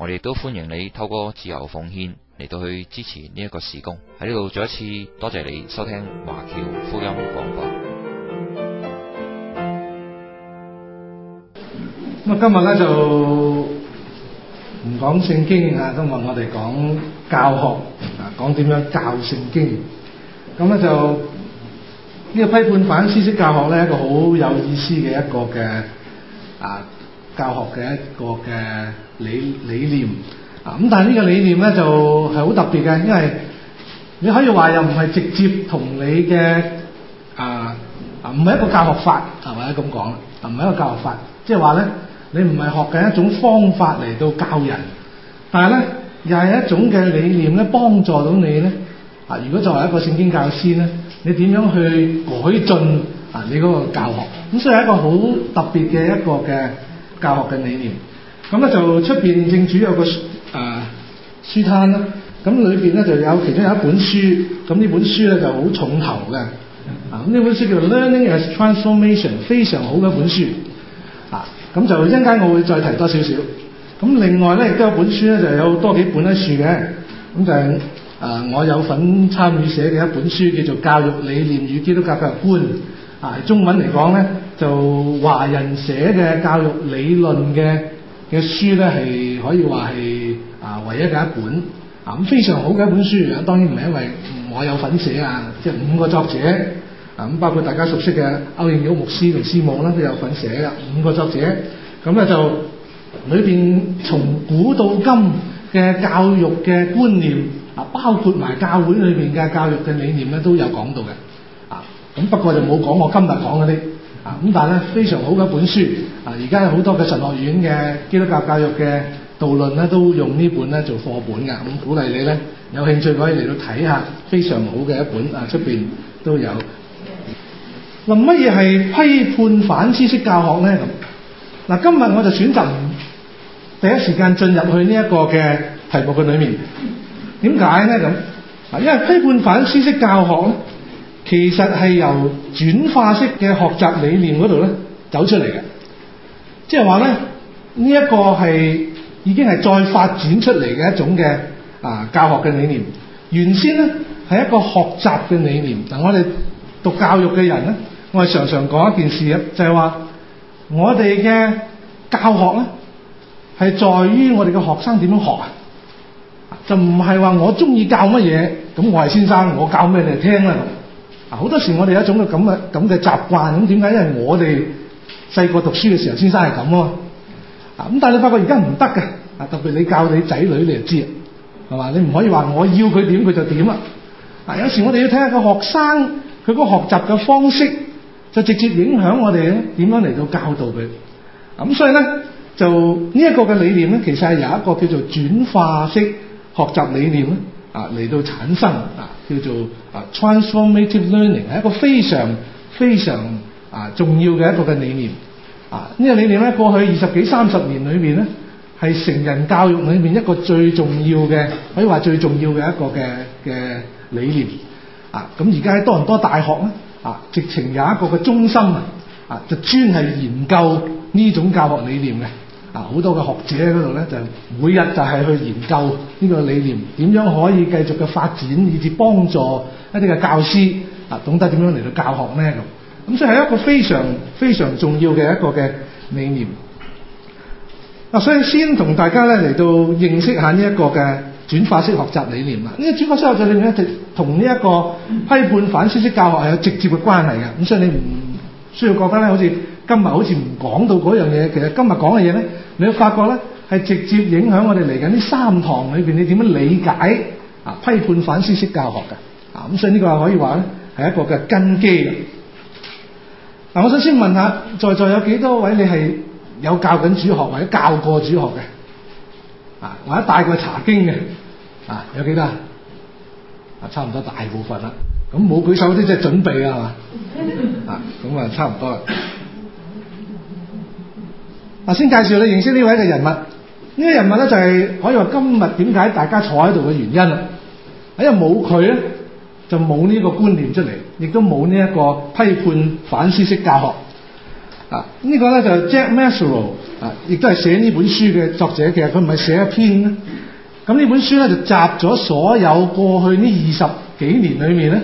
我哋都歡迎你透過自由奉獻嚟到去支持呢一個事工。喺呢度再一次多謝你收聽華僑福音廣播。咁啊，今日咧就唔講聖經啊，今日我哋講教學啊，講點樣教聖經。咁咧就呢個批判反思式教學咧，一個好有意思嘅一個嘅啊，教學嘅一個嘅。理理念啊，咁，但係呢個理念咧就係好特別嘅，因為你可以話又唔係直接同你嘅，啊啊，唔係一個教學法，啊，或者咁講，啊唔係一個教學法。即係話咧你唔係學緊一種方法嚟到教人，但係咧又係一種嘅理念咧幫助到你咧啊！如果作為一個聖經教師咧，你點樣去改進啊你嗰個教學？咁所以係一個好特別嘅一個嘅教學嘅理念。咁咧就出邊正主有個誒書、啊、書攤啦，咁裏邊咧就有其中有一本書，咁呢本書咧就好重頭嘅，啊，呢本書叫做《Learning as Transformation》，非常好嘅一本書，啊，咁就一陣間我會再提多少少。咁另外咧亦都有本書咧，就有多幾本咧書嘅，咁就誒、係呃、我有份參與寫嘅一本書，叫做《教育理念與基督教教育觀》，啊，中文嚟講咧就華人寫嘅教育理論嘅。嘅書咧，係可以話係啊，唯一嘅一本啊，咁非常好嘅一本書，當然唔係因為我有份寫啊，即係五個作者啊，咁包括大家熟悉嘅區應毓牧師同師母啦，都有份寫，啊，五個作者，咁咧就裏面從古到今嘅教育嘅觀念啊，包括埋教會裏面嘅教育嘅理念咧，都有講到嘅，啊，咁不過就冇講我今日講嗰啲。啊咁，但係咧非常好嘅一本書啊，而家好多嘅神學院嘅基督教教育嘅導論咧，都用呢本咧做課本噶，咁鼓勵你咧有興趣可以嚟到睇下，非常好嘅一本啊，出邊都有。嗱，乜嘢係批判反思式教學咧？咁嗱，今日我就選擇第一時間進入去呢一個嘅題目嘅裏面，點解咧？咁啊，因為批判反思式教學咧，其實係由轉化式嘅學習理念嗰度咧走出嚟嘅，即係話咧呢一個係已經係再發展出嚟嘅一種嘅啊教學嘅理念。原先咧係一個學習嘅理念。嗱，我哋讀教育嘅人咧，我哋常常講一件事嘅，就係話我哋嘅教學咧係在於我哋嘅學生點樣學啊，就唔係話我中意教乜嘢，咁我係先生，我教咩你聽啦。好多時我哋有一種咁嘅咁嘅習慣，咁點解？因為我哋細個讀書嘅時候，先生係咁啊，啊咁，但係你發覺而家唔得嘅，啊特別你教你仔女，你就知啊，係嘛？你唔可以話我要佢點，佢就點啊！啊，有時我哋要睇下個學生佢個學習嘅方式，就直接影響我哋點樣嚟到教導佢。咁、啊、所以咧，就呢一個嘅理念咧，其實係有一個叫做轉化式學習理念咧，啊嚟到產生啊。叫做啊，transformative learning 係一個非常非常啊重要嘅一個嘅理念啊。呢個理念咧，啊這個，過去二十幾三十年裏面咧，係成人教育裏面一個最重要嘅，可以話最重要嘅一個嘅嘅理念啊。咁而家喺多倫多大學咧啊，直情有一個嘅中心啊，就專係研究呢種教學理念嘅。嗱，好多嘅學者喺嗰度咧，就每日就係去研究呢個理念，點樣可以繼續嘅發展，以至幫助一啲嘅教師啊，懂得點樣嚟到教學咩。咁。咁所以係一個非常非常重要嘅一個嘅理念。嗱，所以先同大家咧嚟到認識下呢一個嘅轉化式學習理念啦。呢、呢個轉化式學習理念咧，就同呢一個批判反思式教學係有直接嘅關係嘅。咁所以你唔需要覺得咧，好似～今日好似唔講到嗰樣嘢，其實今日講嘅嘢咧，你會發覺咧係直接影響我哋嚟緊呢三堂裏面，你點樣理解啊批判反思式教學嘅啊，咁，所以呢個係可以話咧係一個嘅根基。嗱、啊，我想先問下在座有幾多位你係有教緊主學或者教過主學嘅啊，或者帶過查經嘅啊，有幾多啊？差唔多大部分啦，咁、啊、冇舉手嗰啲即準備呀嘛 啊？咁啊，差唔多啦。嗱，先介紹你認識呢位嘅人物。呢個人物咧就係可以話今日點解大家坐喺度嘅原因啦。因為冇佢咧，就冇呢個觀念出嚟，亦都冇呢一個批判反思式教學啊。呢個咧就係 Jack Maslow 啊，亦都係寫呢本書嘅作者嘅。其實佢唔係寫一篇，咁呢本書咧就集咗所有過去呢二十幾年裏面咧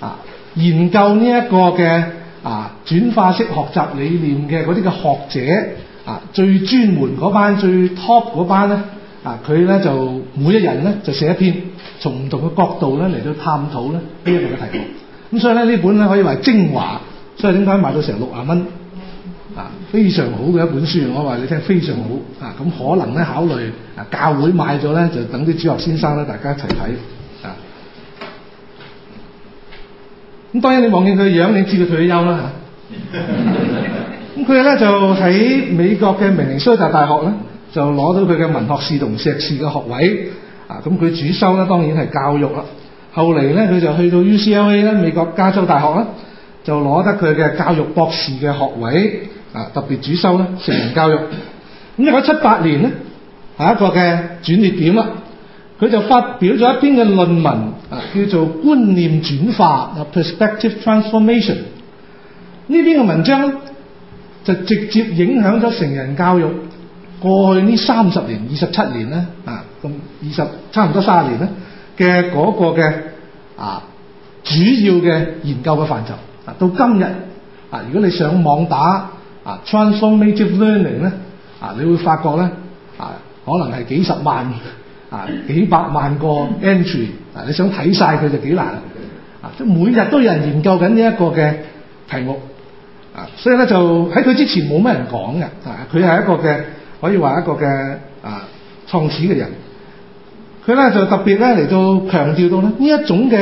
啊，研究呢一個嘅啊轉化式學習理念嘅嗰啲嘅學者。最專門嗰班、最 top 嗰班咧，啊，佢咧就每一人咧就寫一篇，從唔同嘅角度咧嚟到探討咧呢一個嘅題目。咁所以咧呢本咧可以話係精華，所以點解賣到成六十蚊？啊，非常好嘅一本書，我話你聽非常好。啊，咁可能咧考慮啊，教會買咗咧就等啲主學先生咧大家一齊睇。啊，咁當然你望見佢嘅樣，你知佢退咗休啦嚇。 咁佢咧就喺美國嘅明尼蘇達大學咧，就攞到佢嘅文學士同碩士嘅學位。啊，咁佢主修咧當然係教育啦。後嚟咧佢就去到 UCLA 咧美國加州大學啦，就攞得佢嘅教育博士嘅學位。啊，特別主修咧成人教育。咁一九七八年咧係一個嘅轉捩點啦，佢就發表咗一篇嘅論文啊，叫做觀念轉化啊 （Perspective Transformation）。呢篇嘅文章咧，就直接影響咗成人教育過去呢三十年、二十七年咧、嗰個、啊，咁二十差唔多卅年咧嘅個個嘅啊主要嘅研究嘅範疇啊，到今日啊，如果你上網打啊 transformative learning 咧啊，你會發覺咧啊，可能係幾十萬啊幾百萬個 entry 啊，你想睇晒佢就幾難啊，即係每日都有人研究緊呢一個嘅題目。啊，所以咧就喺佢之前冇咩人講嘅，啊，但係佢係一個嘅可以話一個嘅啊創始嘅人，佢咧就特別咧嚟到強調到咧呢一種嘅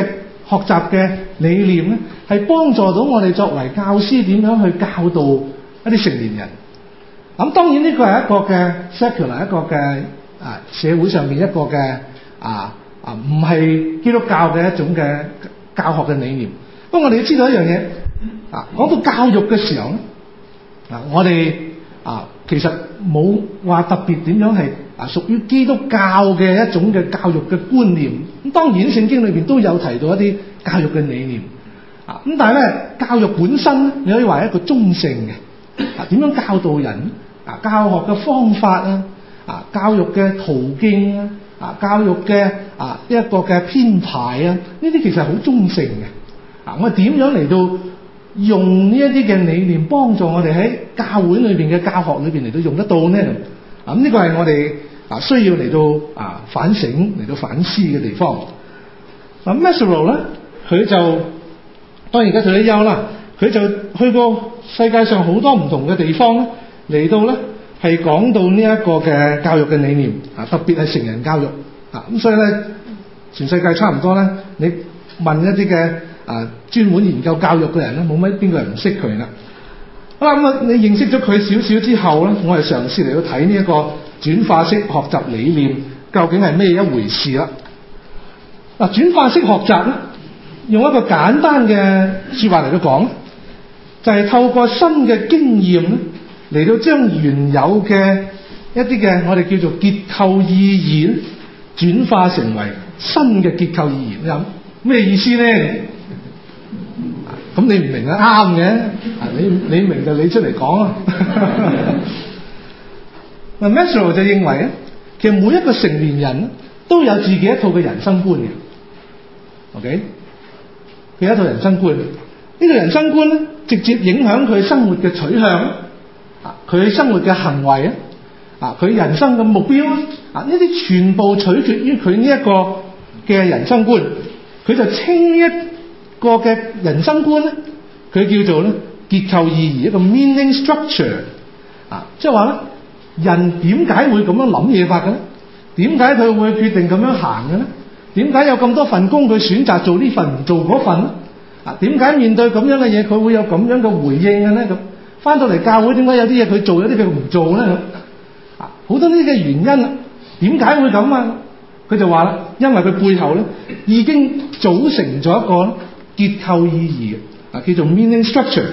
學習嘅理念咧，係幫助到我哋作為教師點樣去教導一啲成年人。咁、啊、當然呢個係一個嘅 secular 一個嘅啊社會上面一個嘅啊啊唔係基督教嘅一種嘅教學嘅理念。不過我哋要知道一樣嘢。啊！講到教育嘅時候咧，啊，我哋啊，其實冇話特別點樣係啊，屬於基督教嘅一種嘅教育嘅觀念。咁當然聖經裏邊都有提到一啲教育嘅理念啊。咁但係咧，教育本身咧你可以話係一個中性嘅。啊，點樣教導人？啊，教學嘅方法啊，啊，教育嘅途徑啊，啊，教育嘅啊一個嘅編排啊，呢啲其實係好中性嘅。啊，我哋點樣嚟到用呢一啲嘅理念幫助我哋喺教會裏邊嘅教學裏邊嚟到用得到呢，啊呢個係我哋啊需要嚟到啊反省嚟到反思嘅地方。咁 Mezirow 咧，佢就當然而家退休啦，佢就去過世界上好多唔同嘅地方，咧，嚟到咧係講到呢一個嘅教育嘅理念，啊特別係成人教育，啊咁所以咧全世界差唔多咧，你問一啲嘅。啊！專門研究教育嘅人咧，冇乜邊個人唔識佢啦。好啦，咁啊，你認識咗佢少少之後咧，我係嘗試嚟到睇呢一個轉化式學習理念究竟係咩一回事啦、啊。嗱、啊，轉化式學習咧，用一個簡單嘅説話嚟到講，就係、是、透過新嘅經驗咧，嚟到將原有嘅一啲嘅我哋叫做結構意義轉化成為新嘅結構意義。你、嗯、咩意思咧？咁你唔明啊？啱嘅，你你明就你出嚟講啊。嗱 Mezirow 就認為咧，其實每一個成年人都有自己一套嘅人生觀嘅，OK，佢有一套人生觀，呢個人生觀咧，直接影響佢生活嘅取向，啊，佢生活嘅行為啊，啊，佢人生嘅目標啊，呢啲全部取決於佢呢一個嘅人生觀，佢就清一。個嘅人生觀咧，佢叫做咧結構意義一個 meaning structure 啊，即係話咧，人點解會咁樣諗嘢法嘅咧？點解佢會決定咁樣行嘅咧？點解有咁多份工佢選擇做呢份唔做嗰份咧？啊，點解面對咁樣嘅嘢佢會有咁樣嘅回應嘅咧？咁翻到嚟教會點解有啲嘢佢做有啲嘢佢唔做咧？啊，好多呢啲嘅原因啊，點解會咁啊？佢就話啦，因為佢背後咧已經組成咗一個。結構意義啊，叫做 meaning structure。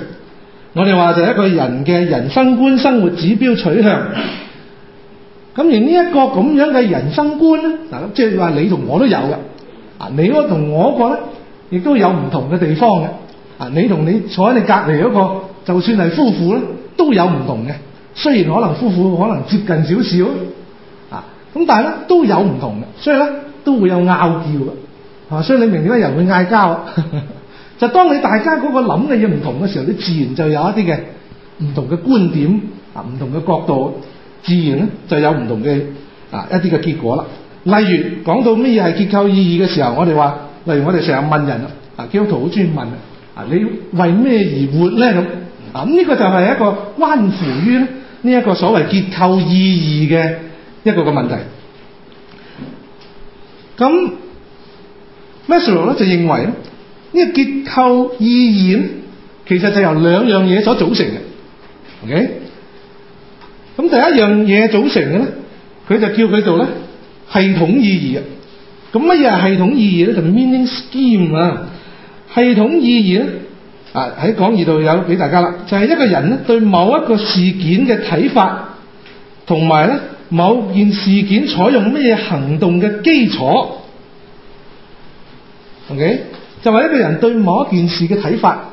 我哋話就係一個人嘅人生觀、生活指標取向。咁而呢一個咁樣嘅人生觀咧，嗱，即係話你同我都有嘅。你個同我嗰個咧，亦都有唔同嘅地方嘅。啊，你同你坐喺你隔離嗰個，就算係夫婦咧，都有唔同嘅。雖然可能夫婦可能接近少少啊，咁但係咧都有唔同嘅，所以咧都會有拗撬嘅。啊，所以你明點解人會嗌交？ 就當你大家嗰個諗嘅嘢唔同嘅時候，你自然就有一啲嘅唔同嘅觀點，啊，唔同嘅角度，自然咧就有唔同嘅啊一啲嘅結果啦。例如講到咩係結構意義嘅時候，我哋話，例如我哋成日問人，啊基督徒好中意問啊，你為咩而活咧咁啊？呢個就係一個關乎於呢一個所謂結構意義嘅一個嘅問題。咁 Mezirow 咧就認為咧，呢、這個結構意義咧，其實就是由兩樣嘢所組成嘅，OK？咁第一樣嘢組成嘅咧，佢就叫佢做咧系統意義啊。咁乜嘢係系統意義咧？就是、meaning scheme 啊。系統意義咧，啊喺講義度有俾大家啦，就係、是、一個人咧對某一個事件嘅睇法，同埋咧某件事件採用乜嘢行動嘅基礎。OK，就係一個人對某一件事嘅睇法，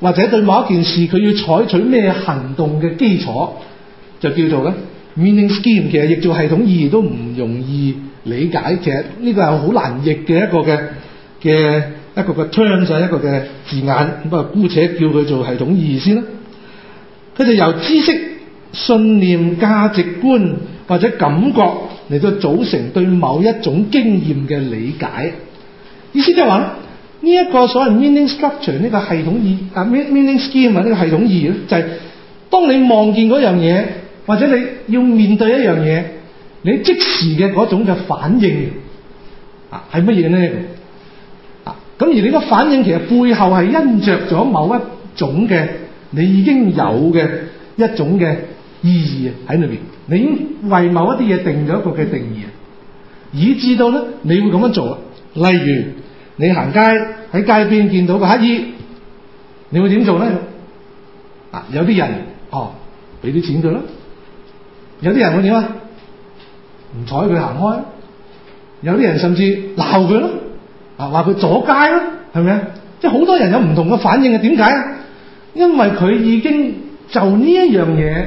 或者對某一件事佢要採取咩行動嘅基礎，就叫做咧 meaning scheme。其實譯做系統意義都唔容易理解，其實呢個係好難譯嘅一個嘅嘅一個嘅 term 就係一個嘅字眼，咁啊姑且叫佢做系統意義先啦。佢就由知識、信念、價值觀或者感覺嚟到組成對某一種經驗嘅理解。意思即係話呢一個所謂 meaning structure 呢個系統意啊 meaning scheme 啊呢個系統意咧，就係、是、當你望見嗰樣嘢，或者你要面對一樣嘢，你即時嘅嗰種嘅反應啊係乜嘢咧？啊咁而你個反應其實背後係因著咗某一種嘅你已經有嘅一種嘅意義喺裏邊，你已經為某一啲嘢定咗一個嘅定義，以致到咧你會咁樣做，例如。你行街喺街邊見到個乞兒，你會點做咧？啊，有啲人哦，俾啲錢佢咯；有啲人會點啊？唔睬佢行開，有啲人甚至鬧佢咯，啊，話佢阻街咯，係咪啊？即係好多人有唔同嘅反應嘅，點解啊？因為佢已經就呢一樣嘢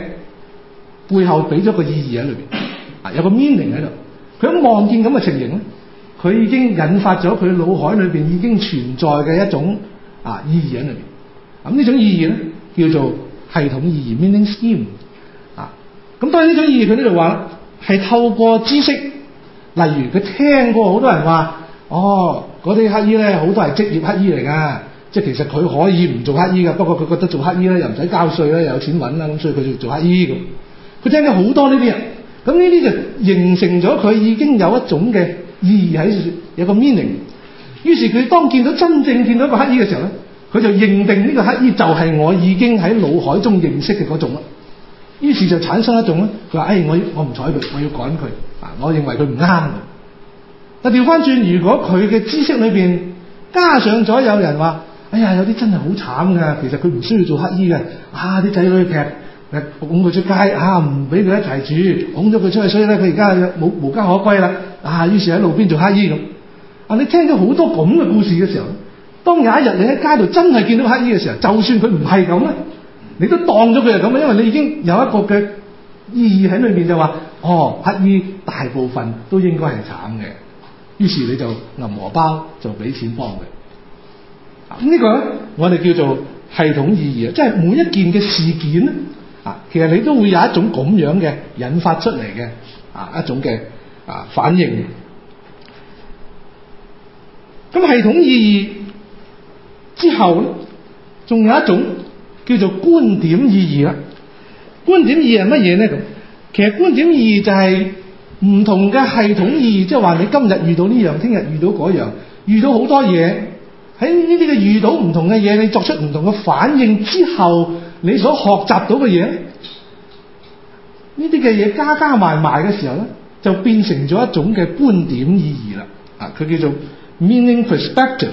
背後俾咗個意義喺裏邊，啊，有個 meaning 喺度，佢一望見咁嘅情形咧。佢已經引發咗佢腦海裏邊已經存在嘅一種啊意義喺裏邊。咁呢種意義咧叫做系統意義 （meaning scheme）。啊，咁當然呢種意義佢呢度話係透過知識，例如佢聽過好多人話：「哦，嗰啲乞衣咧好多係職業乞衣嚟㗎，即係其實佢可以唔做乞衣㗎。不過佢覺得做乞衣咧又唔使交稅啦，又有錢揾啦，咁所以佢就做乞衣㗎。佢聽咗好多呢啲人，咁呢啲就形成咗佢已經有一種嘅。意義喺有個 meaning，於是佢當見到真正見到一個乞兒嘅時候咧，佢就認定呢個乞兒就係我已經喺腦海中認識嘅嗰種啦。於是就產生一種咧，佢話：哎，我我唔睬佢，我要趕佢啊！我認為佢唔啱。啊，調返轉，如果佢嘅知識裏邊加上咗有人話：哎呀，有啲真係好慘㗎，其實佢唔需要做乞兒嘅啊啲仔女劇。你拱佢出街啊，唔俾佢一齊住，拱咗佢出去，所以咧佢而家冇無家可歸啦。啊，於是喺路邊做乞衣咁啊。你聽到好多咁嘅故事嘅時候，當有一日你喺街度真係見到乞衣嘅時候，就算佢唔係咁咧，你都當咗佢係咁嘅，因為你已經有一個嘅意義喺裏面，就話哦，乞衣大部分都應該係慘嘅。於是你就銀荷包就俾錢幫佢。咁呢個咧，我哋叫做系統意義啊，即係每一件嘅事件。其實你都會有一種咁樣嘅引發出嚟嘅啊一種嘅啊反應。咁系統意義之後咧，仲有一種叫做觀點意義啦。觀點意義係乜嘢咧？咁其實觀點意義就係唔同嘅系統意義，即係話你今日遇到呢樣，聽日遇到嗰樣，遇到好多嘢喺呢啲嘅遇到唔同嘅嘢，你作出唔同嘅反應之後。你所學習到嘅嘢，呢啲嘅嘢加加埋埋嘅時候咧，就變成咗一種嘅觀點意義啦。啊，佢叫做 meaning perspective，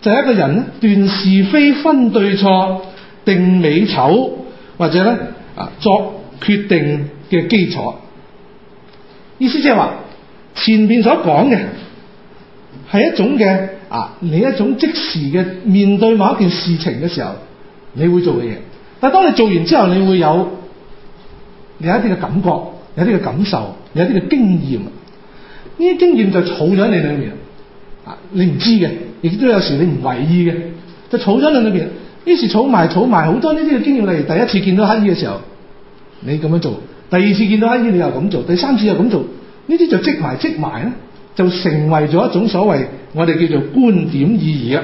就係一個人呢斷是非、分對錯、定美醜，或者咧啊作決定嘅基礎。意思即係話前面所講嘅係一種嘅啊，你一種即時嘅面對某一件事情嘅時候，你會做嘅嘢。但係當你做完之後，你會有你有一啲嘅感覺，有啲嘅感受，有一啲嘅經驗。呢啲經驗就儲咗喺你裏面。啊，你唔知嘅，亦都有時你唔為意嘅，就儲咗喺你裏邊。於是儲埋儲埋好多呢啲嘅經驗，例如第一次見到乞兒嘅時候，你咁樣做；第二次見到乞兒，你又咁做，第三次又咁做，呢啲就積埋積埋咧，就成為咗一種所謂我哋叫做觀點意義啊。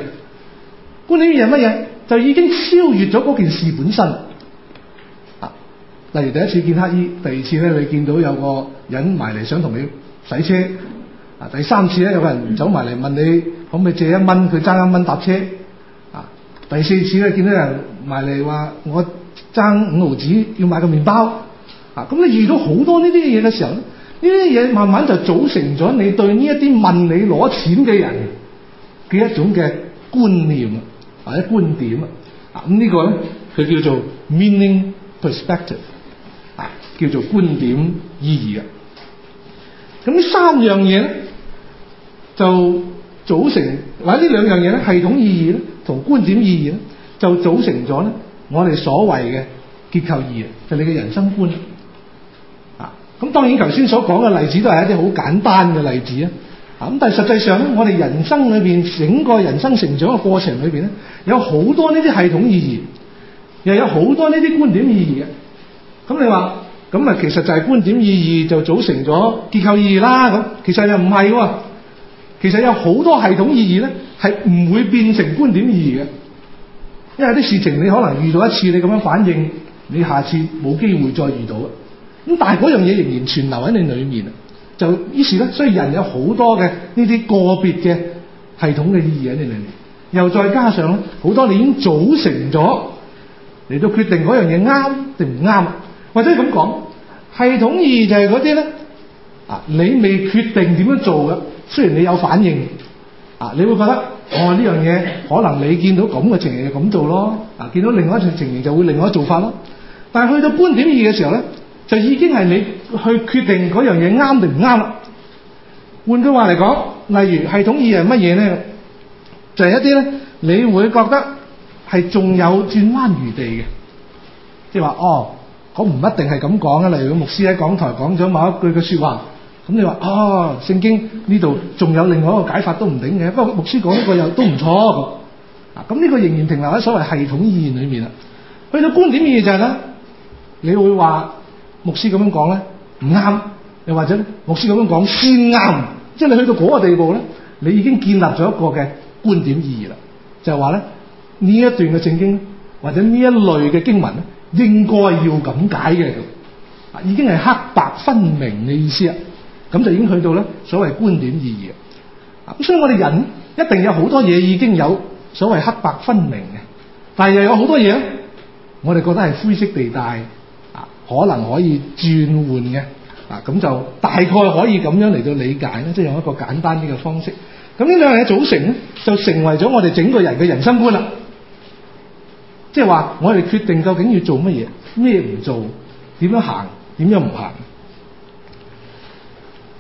觀點意義係乜嘢？就已經超越咗嗰件事本身啊！例如第一次見乞衣，第二次咧你見到有個人埋嚟想同你洗車啊，第三次咧有個人走埋嚟問你可唔可以借一蚊，佢爭一蚊搭車啊，第四次咧見到人埋嚟話我爭五毫子要買個麵包啊，咁你遇到好多呢啲嘢嘅時候，呢啲嘢慢慢就組成咗你對呢一啲問你攞錢嘅人嘅一種嘅觀念。或者觀點啊，咁呢個咧佢叫做 meaning perspective 啊，叫做觀點意義啊。咁呢三樣嘢咧就組成，或者呢兩樣嘢咧系統意義咧同觀點意義咧就組成咗咧，我哋所謂嘅結構意義啊，就是、你嘅人生觀啊。咁當然頭先所講嘅例子都係一啲好簡單嘅例子啊。咁但係實際上咧，我哋人生裏面，整個人生成長嘅過程裏面，咧，有好多呢啲系統意義，又有好多呢啲觀點意義嘅。咁你話，咁啊，其實就係觀點意義就組成咗結構意義啦。咁其實又唔係喎，其實有好多系統意義咧，係唔會變成觀點意義嘅。因為啲事情你可能遇到一次，你咁樣反應，你下次冇機會再遇到啦。咁但係嗰樣嘢仍然存留喺你裏面。就於是咧，所以人有好多嘅呢啲個別嘅系統嘅意義喺，你明唔明？又再加上咧，好多你已經組成咗，嚟到決定嗰樣嘢啱定唔啱啊？或者咁講，系統二就係嗰啲咧啊，你未決定點樣做嘅，雖然你有反應啊，你會覺得哦，呢樣嘢可能你見到咁嘅情形就咁做咯，啊，見到另外一陣情形就會另外一做法咯，但係去到觀點二嘅時候咧。就已經係你去決定嗰樣嘢啱定唔啱啦。換句話嚟講，例如系統意係乜嘢咧？就係、是、一啲咧，你會覺得係仲有轉彎餘地嘅，即係話哦，嗰唔一定係咁講嘅。例如，如果牧師喺講台講咗某一句嘅説話，咁你話哦，聖經呢度仲有另外一個解法都唔定嘅，不過牧師講呢個又都唔錯。啊，咁呢個仍然停留喺所謂系統意義裏面啦。去到觀點意義就係咧，你會話。牧師咁樣講咧，唔啱，又或者咧，牧師咁樣講先啱，即係你去到嗰個地步咧，你已經建立咗一個嘅觀點意義啦，就係話咧呢一段嘅聖經或者呢一類嘅經文咧，應該要咁解嘅，啊，已經係黑白分明嘅意思啦，咁就已經去到咧所謂觀點意義。啊，所以我哋人一定有好多嘢已經有所謂黑白分明嘅，但係又有好多嘢咧，我哋覺得係灰色地帶，可能可以轉換嘅，嗱咁就大概可以咁樣嚟到理解咧，即係用一個簡單啲嘅方式。咁呢兩樣嘢組成咧，就成為咗我哋整個人嘅人生觀啦。即係話我哋決定究竟要做乜嘢，咩唔做，點樣行，點樣唔行。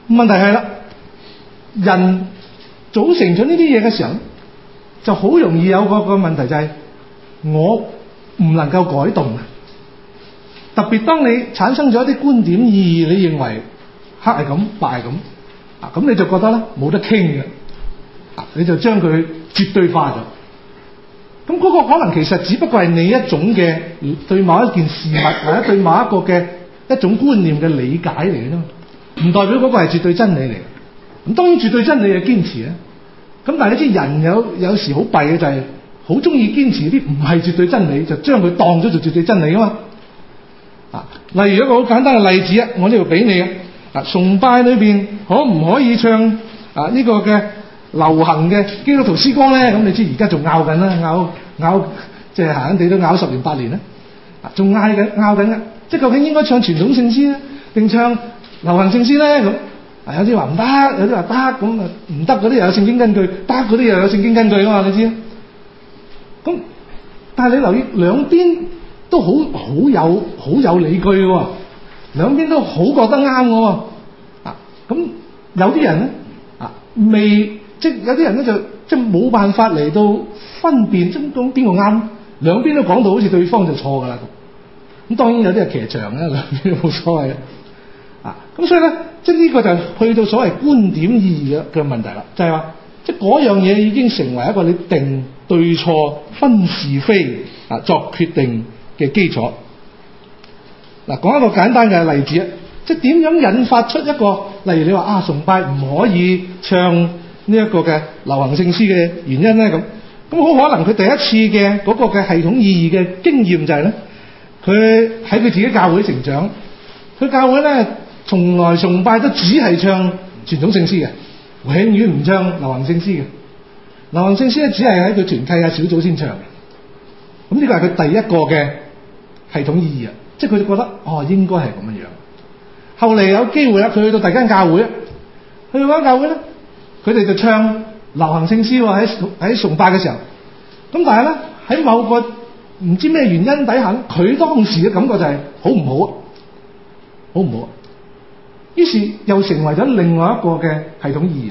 問題係啦，人組成咗呢啲嘢嘅時候，就好容易有個個問題就係我唔能夠改動啊。特別當你產生咗一啲觀點、意義，你認為黑係咁、白係咁，啊咁你就覺得咧冇得傾嘅，啊你就將佢絕對化咗。咁、那、嗰個可能其實只不過係你一種嘅對某一件事物或者對某一個嘅一種觀念嘅理解嚟㗎嘛，唔代表嗰個係絕對真理嚟。咁當然絕對真理嘅堅持咧，咁但係你知人有有時好弊嘅就係好中意堅持啲唔係絕對真理，就將佢當咗做絕對真理㗎嘛。例如一個好簡單嘅例子啊，我呢度俾你啊，啊崇拜裏邊可唔可以唱啊呢個嘅流行嘅基督徒詩歌咧？咁你知而家仲拗緊啦，拗拗即係閒地都拗十年八年啦，啊仲嗌緊拗緊嘅，即係究竟應該唱傳統聖詩咧，定唱流行聖詩咧？咁啊有啲話唔得，有啲話得，咁啊唔得嗰啲又有聖經根據，得嗰啲又有聖經根據噶嘛？你知，咁但係你留意兩邊。兩邊都好好有好有理據喎、哦，兩邊都好覺得啱我、哦、啊。咁有啲人咧啊，未即有啲人咧就即冇辦法嚟到分辨即講邊個啱，兩邊都講到好似對方就錯㗎啦。咁當然有啲係騎牆咧，兩邊冇所謂啊。咁所以咧，即呢個就係去到所謂觀點意義嘅嘅問題啦，就係、是、話、啊、即嗰樣嘢已經成為一個你定對錯分是非啊作決定嘅基礎嗱，講一個簡單嘅例子啊，即係點樣引發出一個，例如你話啊，崇拜唔可以唱呢一個嘅流行聖詩嘅原因咧咁，咁好可能佢第一次嘅嗰個嘅系統意義嘅經驗就係咧，佢喺佢自己教會成長，佢教會咧從來崇拜都只係唱傳統聖詩嘅，永遠唔唱流行聖詩嘅，流行聖詩咧只係喺佢團契啊小組先唱，咁呢個係佢第一個嘅。系統意義啊，即係佢哋覺得哦，應該係咁樣。後嚟有機會啦，佢去到第二間教會啊，去到嗰間教會咧，佢哋就唱流行聖詩喺喺崇拜嘅時候。咁但係咧，喺某個唔知咩原因底下，佢當時嘅感覺就係好唔好啊？好唔好啊？於是又成為咗另外一個嘅系統意義。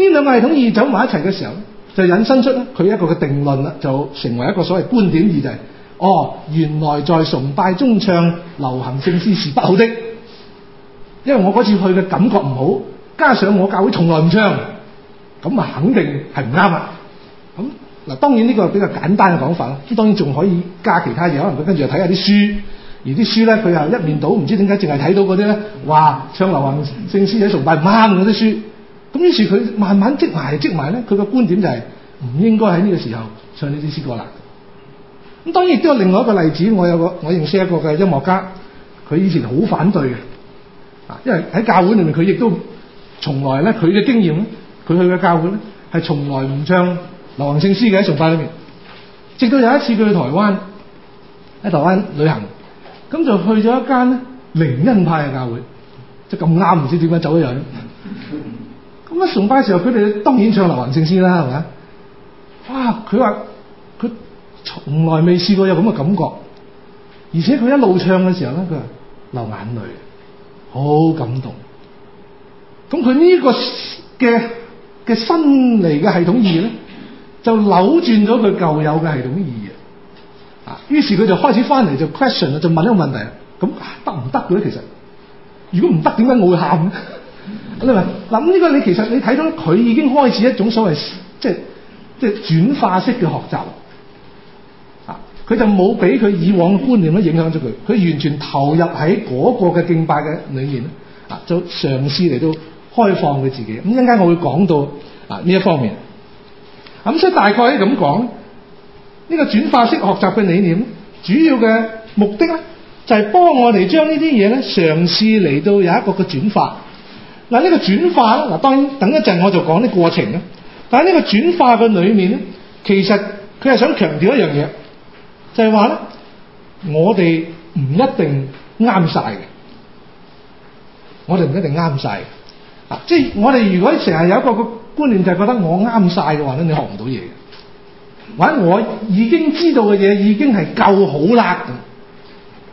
呢兩個系統意義走埋一齊嘅時候，就引申出佢一個嘅定論啦，就成為一個所謂觀點意義，就係哦，原來在崇拜中唱流行聖詩是不好的，因為我嗰次去嘅感覺唔好，加上我教會從來唔唱，咁啊肯定係唔啱啦。咁嗱，當然呢個比較簡單嘅講法啦，咁當然仲可以加其他嘢，可能佢跟住又睇下啲書，而啲書咧佢又一面倒，唔知點解淨係睇到嗰啲咧話唱流行聖詩喺崇拜唔啱嗰啲書，咁於是佢慢慢積埋積埋咧，佢個觀點就係、是、唔應該喺呢個時候唱呢啲詩歌啦。咁當然亦都有另外一個例子，我有個我認識一個嘅音樂家，佢以前好反對嘅，啊，因為喺教會裏面佢亦都從來咧佢嘅經驗佢去嘅教會咧係從來唔唱流行聖詩嘅喺崇拜裏面，直到有一次佢去台灣，喺台灣旅行，咁就去咗一間咧靈恩派嘅教會，即咁啱唔知點解走咗入去，咁喺崇拜嘅時候佢哋當然唱流行聖詩啦，係咪啊？哇！佢話。從來未試過有咁嘅感覺，而且佢一路唱嘅時候咧，佢流眼淚，好感動。咁佢呢個嘅嘅新嚟嘅系統二咧，就扭轉咗佢舊有嘅系統二啊於就 question，就。啊，於是佢就開始翻嚟就 question 啦，就問呢個問題啦。咁得唔得嘅咧？其實如果唔得，點解我會喊咧？你話嗱，咁呢個你其實你睇到，佢已經開始一種所謂即係即係轉化式嘅學習。佢就冇俾佢以往嘅觀念咧影響咗佢，佢完全投入喺嗰個嘅敬拜嘅裏面咧，啊，就嘗試嚟到開放佢自己咁，陣間我會講到啊呢一方面。咁所以大概咁講呢個轉化式學習嘅理念，主要嘅目的咧就係幫我哋將呢啲嘢咧嘗試嚟到有一個嘅轉化。嗱、這、呢個轉化咧，嗱當然等一陣我就講啲過程啦。但係呢個轉化嘅裏面咧，其實佢係想強調一樣嘢。就係話咧，我哋唔一定啱晒嘅，我哋唔一定啱晒啊，即係我哋如果成日有一個個觀念，就係覺得我啱晒嘅話咧，你學唔到嘢；或者我已經知道嘅嘢已經係夠好啦，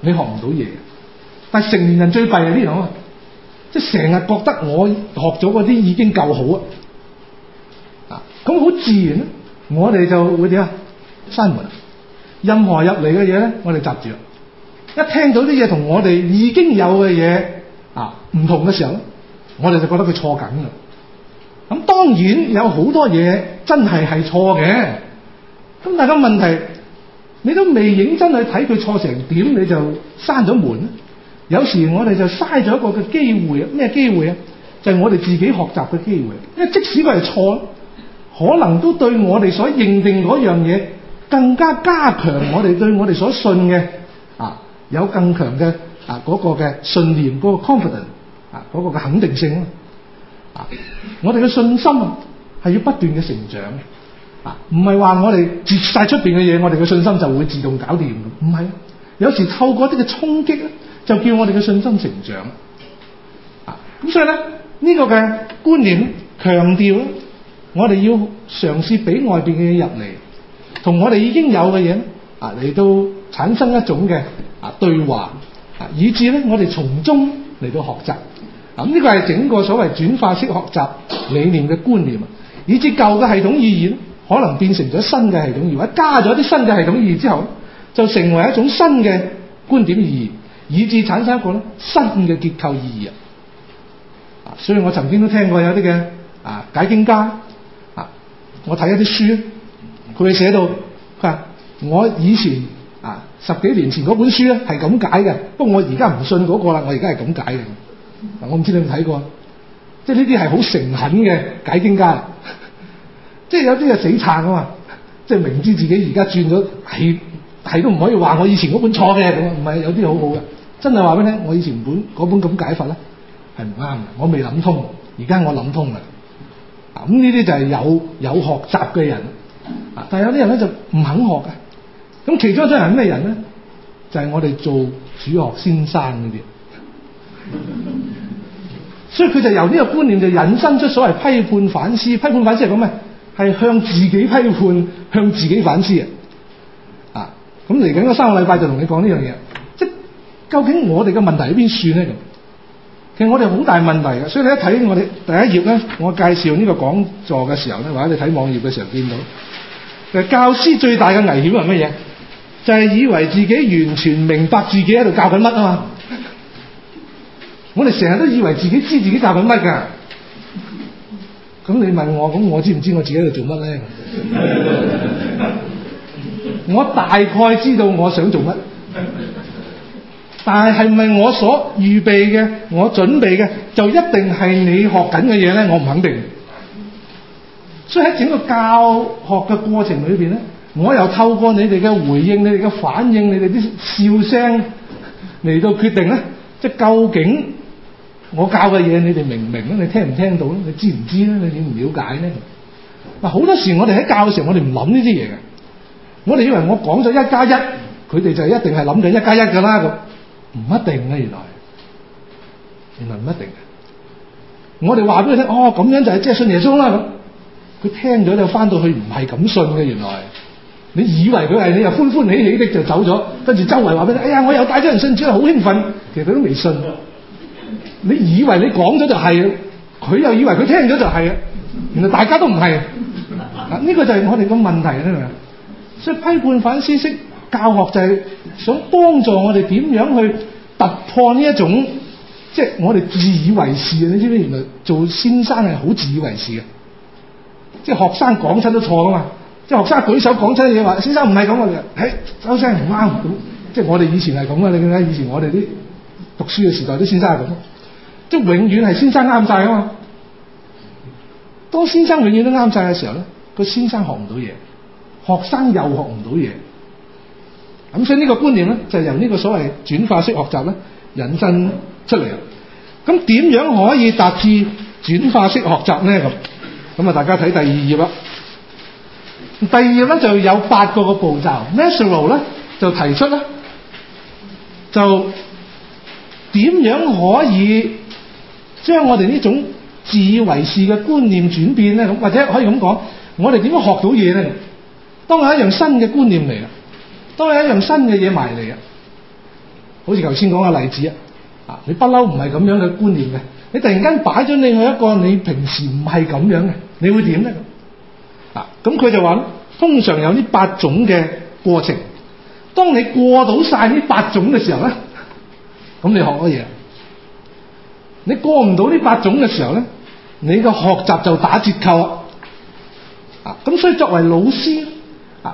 你學唔到嘢。但係成年人最弊係呢種，即係成日覺得我學咗嗰啲已經夠好啊。啊，咁好自然咧，我哋就會點啊？閂門。任何入嚟嘅嘢咧，我哋集住一聽到啲嘢同我哋已經有嘅嘢啊，唔同嘅時候，我哋就覺得佢錯緊嘅。咁當然有好多嘢真係係錯嘅。咁但係個問題，你都未認真去睇佢錯成點，你就閂咗門。有時我哋就嘥咗一個嘅機會，咩機會啊？就係我哋自己學習嘅機會。因為即使佢係錯，可能都對我哋所認定嗰樣嘢。更加加強我哋對我哋所信嘅啊，有更強嘅啊嗰個嘅信念，嗰個 confidence 啊，嗰個嘅肯定性啊，我哋嘅信心係要不斷嘅成長啊，唔係話我哋絕晒出邊嘅嘢，我哋嘅信心就會自動搞掂，唔係，有時透過一啲嘅衝擊咧，就叫我哋嘅信心成長啊，咁所以咧呢個嘅觀念強調，我哋要嘗試俾外邊嘅嘢入嚟。同我哋已經有嘅嘢嚟到，產生一種嘅啊對話，啊，以致咧我哋從中嚟到學習，咁呢個係整個所謂轉化式學習理念嘅觀念，以致舊嘅系統意義可能變成咗新嘅系統意義，加咗啲新嘅系統意義之後就成為一種新嘅觀點意義，以致產生一個咧新嘅結構意義啊！所以我曾經都聽過有啲嘅啊解經家啊，我睇一啲書。佢寫到我以前啊，十幾年前嗰本書咧係咁解嘅，不過我而家唔信嗰個啦。我而家係咁解嘅。我唔知你有冇睇過，即係呢啲係好誠懇嘅解經家，即係有啲係死撐啊嘛！即係明知自己而家轉咗，係係都唔可以話我以前嗰本錯嘅，唔係有啲好好嘅，真係話畀你聽。我以前本嗰本咁解法咧係唔啱嘅，我未諗通，而家我諗通啦。咁呢啲就係有有學習嘅人。但有啲人咧就唔肯學嘅，咁其中一種人係咩人咧？就係、是、我哋做主學先生嗰啲，所以佢就由呢個觀念就引申出所謂批判反思，批判反思係咁咩？係向自己批判，向自己反思的啊！咁嚟緊嘅三個禮拜就同你講呢樣嘢，即係究竟我哋嘅問題喺邊算咧咁。其實我哋好大問題嘅，所以你一睇我哋第一頁咧，我介紹呢個講座嘅時候咧，或者你睇網頁嘅時候見到，其實教師最大嘅危險係乜嘢？就係以為自己完全明白自己喺度教緊乜啊嘛！我哋成日都以為自己知自己教緊乜㗎，咁你問我，咁我知唔知我自己喺度做乜咧？我大概知道我想做乜。但係係咪我所預備嘅、我準備嘅就一定係你學緊嘅嘢咧？我唔肯定。所以喺整個教學嘅過程裏邊咧，我又透過你哋嘅回應、你哋嘅反應、你哋啲笑聲嚟到決定咧，即係究竟我教嘅嘢你哋明唔明咧？你聽唔聽到咧？你知唔知咧？你了唔了解咧？嗱，好多時我哋喺教嘅時候我，我哋唔諗呢啲嘢嘅。我哋以為我講咗一加一，佢哋就一定係諗緊一加一㗎啦咁。唔一定啊！原來原來唔一定嘅。我哋話俾佢聽，哦咁樣就即係信耶穌啦咁。佢聽咗就返到去唔係咁信嘅。原來你以為佢係你又歡歡喜喜的就走咗，跟住周圍話俾佢聽，哎呀我又帶咗人信主啦，好興奮。其實佢都未信。你以為你講咗就係、是，佢又以為佢聽咗就係、是。原來大家都唔係。呢、這個就係我哋個問題啦。所以批判反思識。教學就係想幫助我哋點樣去突破呢一種，即係我哋自以為是。你知唔知原來做先生係好自以為是嘅，即係學生講親都錯噶嘛。即係學生舉手講出嘢話，先生唔係咁嘅，誒、哎，周聲唔啱。即係我哋以前係咁嘅，你點解以前我哋啲讀書嘅時代啲先生係咁？即係永遠係先生啱晒噶嘛。當先生永遠都啱晒嘅時候咧，個先生學唔到嘢，學生又學唔到嘢。咁所以呢個觀念咧，就由呢個所謂轉化式學習咧引申出嚟啦。咁點樣可以達至轉化式學習咧？咁咁啊，大家睇第二頁啦。第二頁咧就有八個個步驟。Mezirow 咧就提出咧，就點樣可以將我哋呢種自以為是嘅觀念轉變咧？咁或者可以咁講，我哋點樣學到嘢咧？當係一樣新嘅觀念嚟啦。都係一樣新嘅嘢埋嚟啊！好似頭先講嘅例子啊，啊，你不嬲唔係咁樣嘅觀念嘅，你突然間擺咗你去一個你平時唔係咁樣嘅，你會點咧？啊，咁佢就話通常有呢八種嘅過程，當你過到晒呢八種嘅時候咧，咁你學咗嘢；你過唔到呢八種嘅時候咧，你嘅學習就打折扣啊！啊，咁所以作為老師。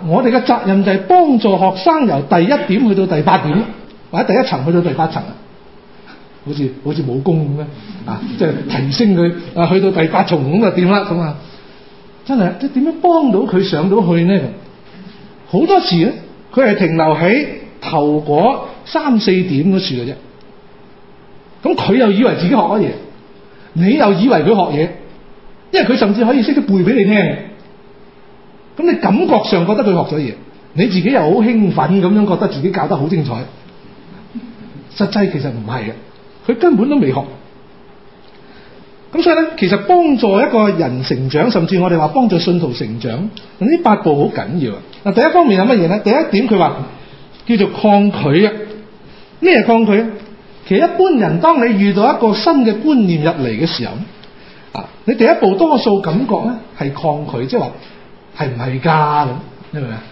我哋嘅責任就係幫助學生由第一點去到第八點，或者第一層去到第八層，好似好似武功咁咧， 啊，即、就、係、是、提升佢啊，去到第八重咁就掂啦，咁、嗯、啊，真係，即係點樣幫到佢上到去呢？好多時咧、啊，佢係停留喺頭嗰三四點嗰處嘅啫。咁佢又以為自己學咗嘢，你又以為佢學嘢，因為佢甚至可以識得背俾你聽。咁你感覺上覺得佢學咗嘢，你自己又好興奮咁樣覺得自己教得好精彩，實際其實唔係嘅，佢根本都未學。咁所以咧，其實幫助一個人成長，甚至我哋話幫助信徒成長，呢八步好緊要。嗱第一方面係乜嘢咧？第一點佢話叫做抗拒啊。咩係抗拒咧？其實一般人當你遇到一個新嘅觀念入嚟嘅時候，啊，你第一步多數感覺咧係抗拒，即係話。係唔係噶咁，你明唔明啊？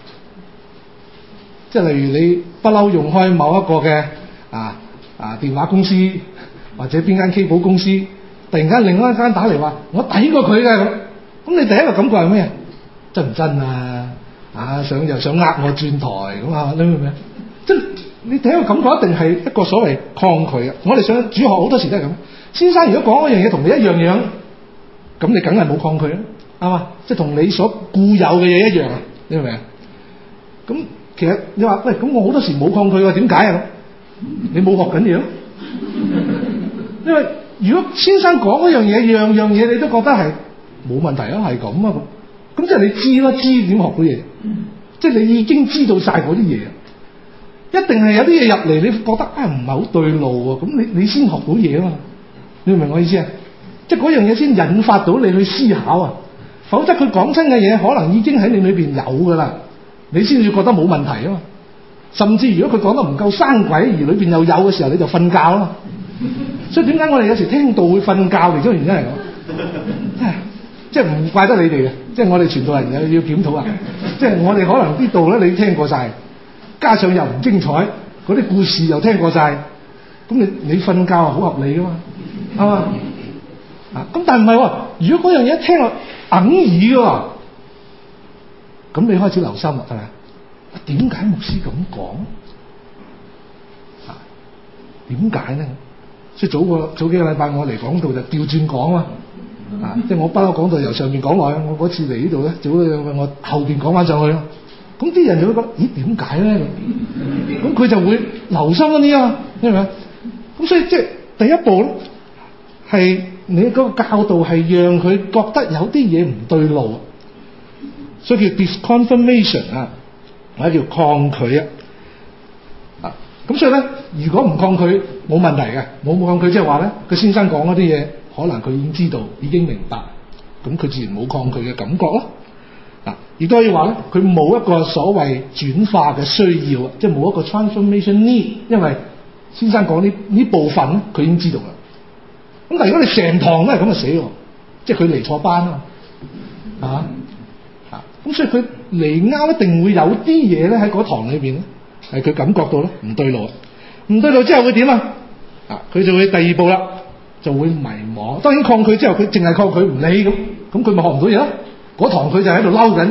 即係例如你不嬲用開某一個嘅啊啊電話公司或者邊間 K 寶公司，突然間另外一間打嚟話我抵過佢嘅咁，咁你第一個感覺係咩？真唔真啊？啊想又想呃我轉台咁啊？你明唔明啊？即係你第一個感覺一定係一個所謂抗拒嘅。我哋想主學好多時都係咁。先生如果講嗰樣嘢同你一樣樣，咁你梗係冇抗拒啊！係嘛？即係同你所固有嘅嘢一樣啊！你明唔明啊？咁其實你話喂，咁我好多時冇抗拒㗎，點解啊？你冇學緊嘢咯？ 因為如果先生講嗰樣嘢，樣樣嘢你都覺得係冇問題啊，係咁啊，咁即係你知囉，知點學到嘢？即、嗯、係、就是、你已經知道曬嗰啲嘢，一定係有啲嘢入嚟，你覺得啊唔係好對路喎。咁你你先學到嘢啊嘛？你明唔明我意思啊？即係嗰樣嘢先引發到你去思考啊！否則佢講真嘅嘢可能已經喺你裏面有噶啦，你先至覺得冇問題啊嘛。甚至如果佢講得唔夠生鬼而裏面又有嘅時候，你就瞓覺啊嘛。所以點解我哋有時聽道會瞓覺嚟？主要原因係咁 ，即係唔怪得你哋嘅，即係我哋全道人又要檢討啊。即係我哋可能啲道咧你聽過晒，加上又唔精彩，嗰啲故事又聽過晒，咁你你瞓覺係好合理噶、啊、嘛，係 嘛、啊？啊！咁但係唔係，如果嗰樣嘢一聽落硬耳㗎喎，咁、啊、你開始留心啦，係咪？點解牧師咁講？啊，點解咧？即係早個早幾個禮拜我嚟講道就調轉講啊，即、就、係、是、我不嬲講道由上面講落，我嗰次嚟呢度咧，早會我後邊講翻上去咯。咁啲人就會覺得咦，點解咧？咁佢就會留心嗰啲啊，因為？咩？咁所以即係第一步咧，係。你嗰個教導係讓佢覺得有啲嘢唔對路，所以叫 disconfirmation 啊，係叫抗拒啊。啊，咁所以咧，如果唔抗拒，冇問題嘅，冇冇抗拒即係話咧，佢先生講嗰啲嘢，可能佢已經知道、已經明白，咁佢自然冇抗拒嘅感覺咯。啊、亦都可以話咧，佢冇一個所謂轉化嘅需要，即係冇一個 transformation need，因為先生講呢呢部分，佢已經知道啦。咁但係如果你成堂都係咁啊，死喎！即係佢嚟錯班啊！啊啊！咁所以佢嚟啱一定會有啲嘢咧喺嗰堂裏面，咧係佢感覺到咧唔對路，唔對路之後會點啊？啊！佢就會第二步啦，就會迷茫。當然抗拒之後佢淨係抗拒唔理咁，咁佢咪學唔到嘢咯？嗰堂佢就喺度嬲緊，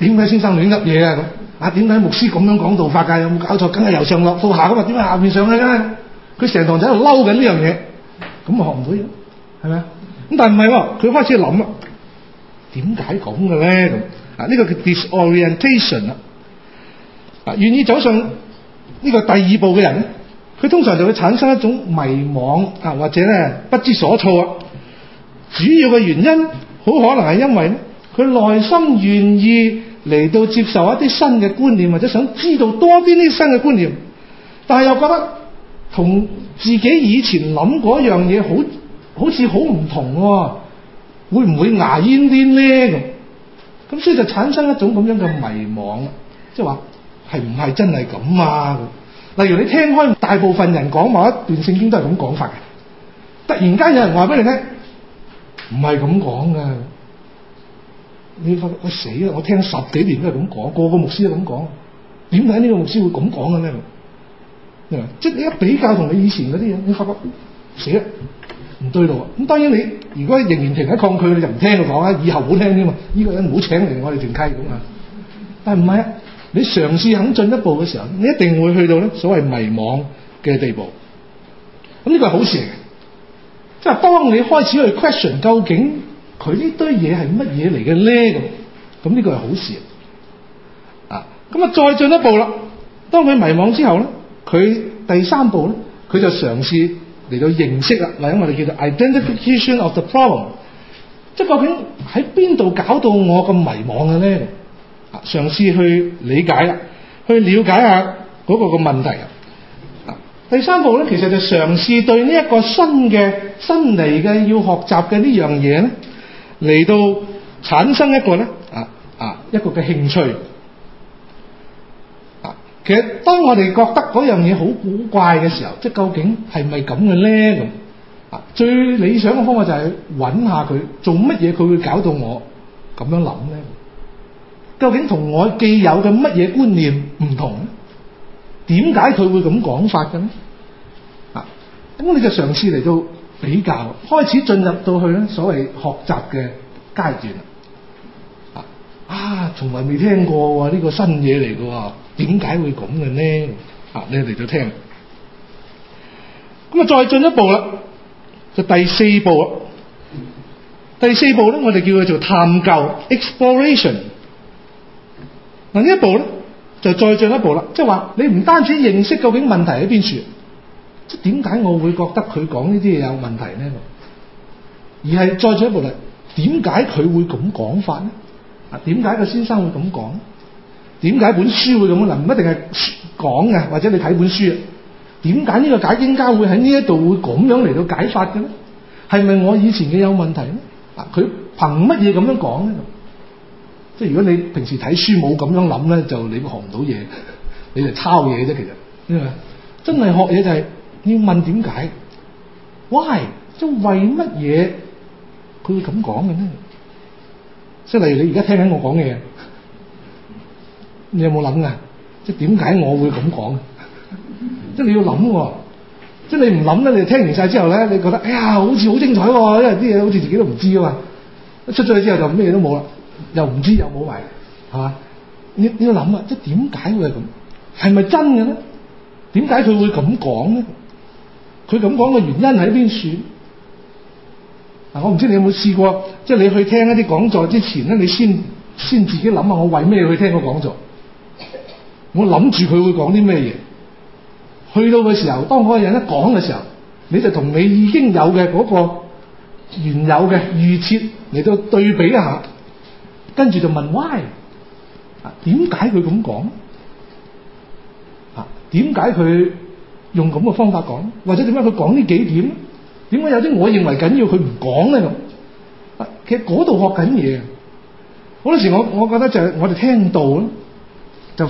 點解先生亂噏嘢啊？咁啊？點解牧師咁樣講道法界有冇搞錯？梗係由上落到下咁嘛？點解下面上去呢？佢成堂就喺度嬲緊呢樣嘢。咁學唔到嘢，係咪啊？咁但係唔係喎，佢開始諗啦，點解咁嘅咧咁啊？呢個叫 disorientation 啦。啊，願意走上呢個第二步嘅人，佢通常就會產生一種迷惘啊，或者咧不知所措啊。主要嘅原因，好可能係因為佢內心願意嚟到接受一啲新嘅觀念，或者想知道多啲啲新嘅觀念，但係又覺得。同自己以前諗嗰樣嘢好好似好唔同喎，哦，會唔會牙煙啲咧咁？咁所以就產生一種咁樣嘅迷惘啦，就是，即係話係唔係真係咁啊？例如你聽開大部分人講某一段聖經都係咁講法嘅，突然間有人話俾你聽，唔係咁講嘅，你發覺得我、啊、死啦！我聽十幾年都係咁講，個個牧師都咁講，點解呢個牧師會咁講嘅咧？即係你一比較同你以前嗰啲嘢，你發覺死啦，唔對路啊！咁當然你如果仍然停喺抗拒，你就唔聽佢講啦。以後好聽啲嘛，呢個人唔好請嚟我哋停溪咁啊。但係唔係啊？你嘗試肯進一步嘅時候，你一定會去到咧所謂迷惘嘅地步。咁呢個係好事嚟嘅，即係當你開始去 question 究竟佢呢堆嘢係乜嘢嚟嘅咧咁，咁呢個係好事啊！咁啊，再進一步啦，當佢迷惘之後咧。佢第三步咧，佢就嘗試嚟到認識啦。嗱，因為我哋叫做 identification of the problem，即係究竟喺邊度搞到我咁迷惘嘅咧？啊，嘗試去理解啦，去了解下嗰個嘅問題。第三步咧，其實就嘗試對呢一個新嘅新嚟嘅要學習嘅呢樣嘢咧，嚟到產生一個咧啊啊一個嘅興趣。其實當我哋覺得嗰樣嘢好古怪嘅時候，即係究竟係咪咁嘅咧？咁啊，最理想嘅方法就係揾下佢做乜嘢，佢會搞到我咁樣諗咧？究竟同我既有嘅乜嘢觀念唔同咧？點解佢會咁講法嘅咧？啊，咁你就嘗試嚟到比較，開始進入到去咧所謂學習嘅階段。啊！從來未聽過喎，呢個新嘢嚟嘅，點解會咁嘅呢？啊，你嚟就聽，咁啊，再進一步啦，就第四步啦。第四步咧，我哋叫佢做探究 （exploration）。嗱，呢一步咧就再進一步啦，即係話你唔單止認識究竟問題喺邊處，即係點解我會覺得佢講呢啲嘢有問題呢？而係再進一步嚟，點解佢會咁講法呢？啊，點解個先生會咁講？點解本書會咁樣諗？唔一定係講嘅，或者你睇本書啊？點解呢個解經家會喺呢一度會咁樣嚟到解法嘅咧？係咪我以前嘅有問題咧？啊，佢憑乜嘢咁樣講咧？即係如果你平時睇書冇咁樣諗咧，就你學唔到嘢，你就抄嘢啫。其實因為真係學嘢就係、是、要問點解？Why？即為乜嘢佢會咁講嘅咧？即係例如你而家聽緊我講嘅嘢，你有冇諗啊？即係點解我會咁講？即係你要諗喎，即係你唔諗咧，你聽完晒之後咧，你覺得哎呀，好似好精彩喎，因為啲嘢好似自己都唔知啊嘛。一出咗去之後就咩嘢都冇啦，又唔知又冇埋，係嘛？你你要諗啊，即係點解佢會咁？係咪真嘅咧？點解佢會咁講咧？佢咁講嘅原因喺邊算？嗱，我唔知你有冇試過，即係你去聽一啲講座之前咧，你先先自己諗下，我為咩去聽個講座？我諗住佢會講啲咩嘢？去到嘅時候，當嗰個人一講嘅時候，你就同你已經有嘅嗰個原有嘅預設嚟到對比一下，跟住就問 why？點解佢咁講？啊，點解佢用咁嘅方法講？或者點解佢講呢幾點？點解有啲我認為緊要佢唔講咧？啊，其實嗰度學緊嘢。好多時我我覺得就係我哋聽道，就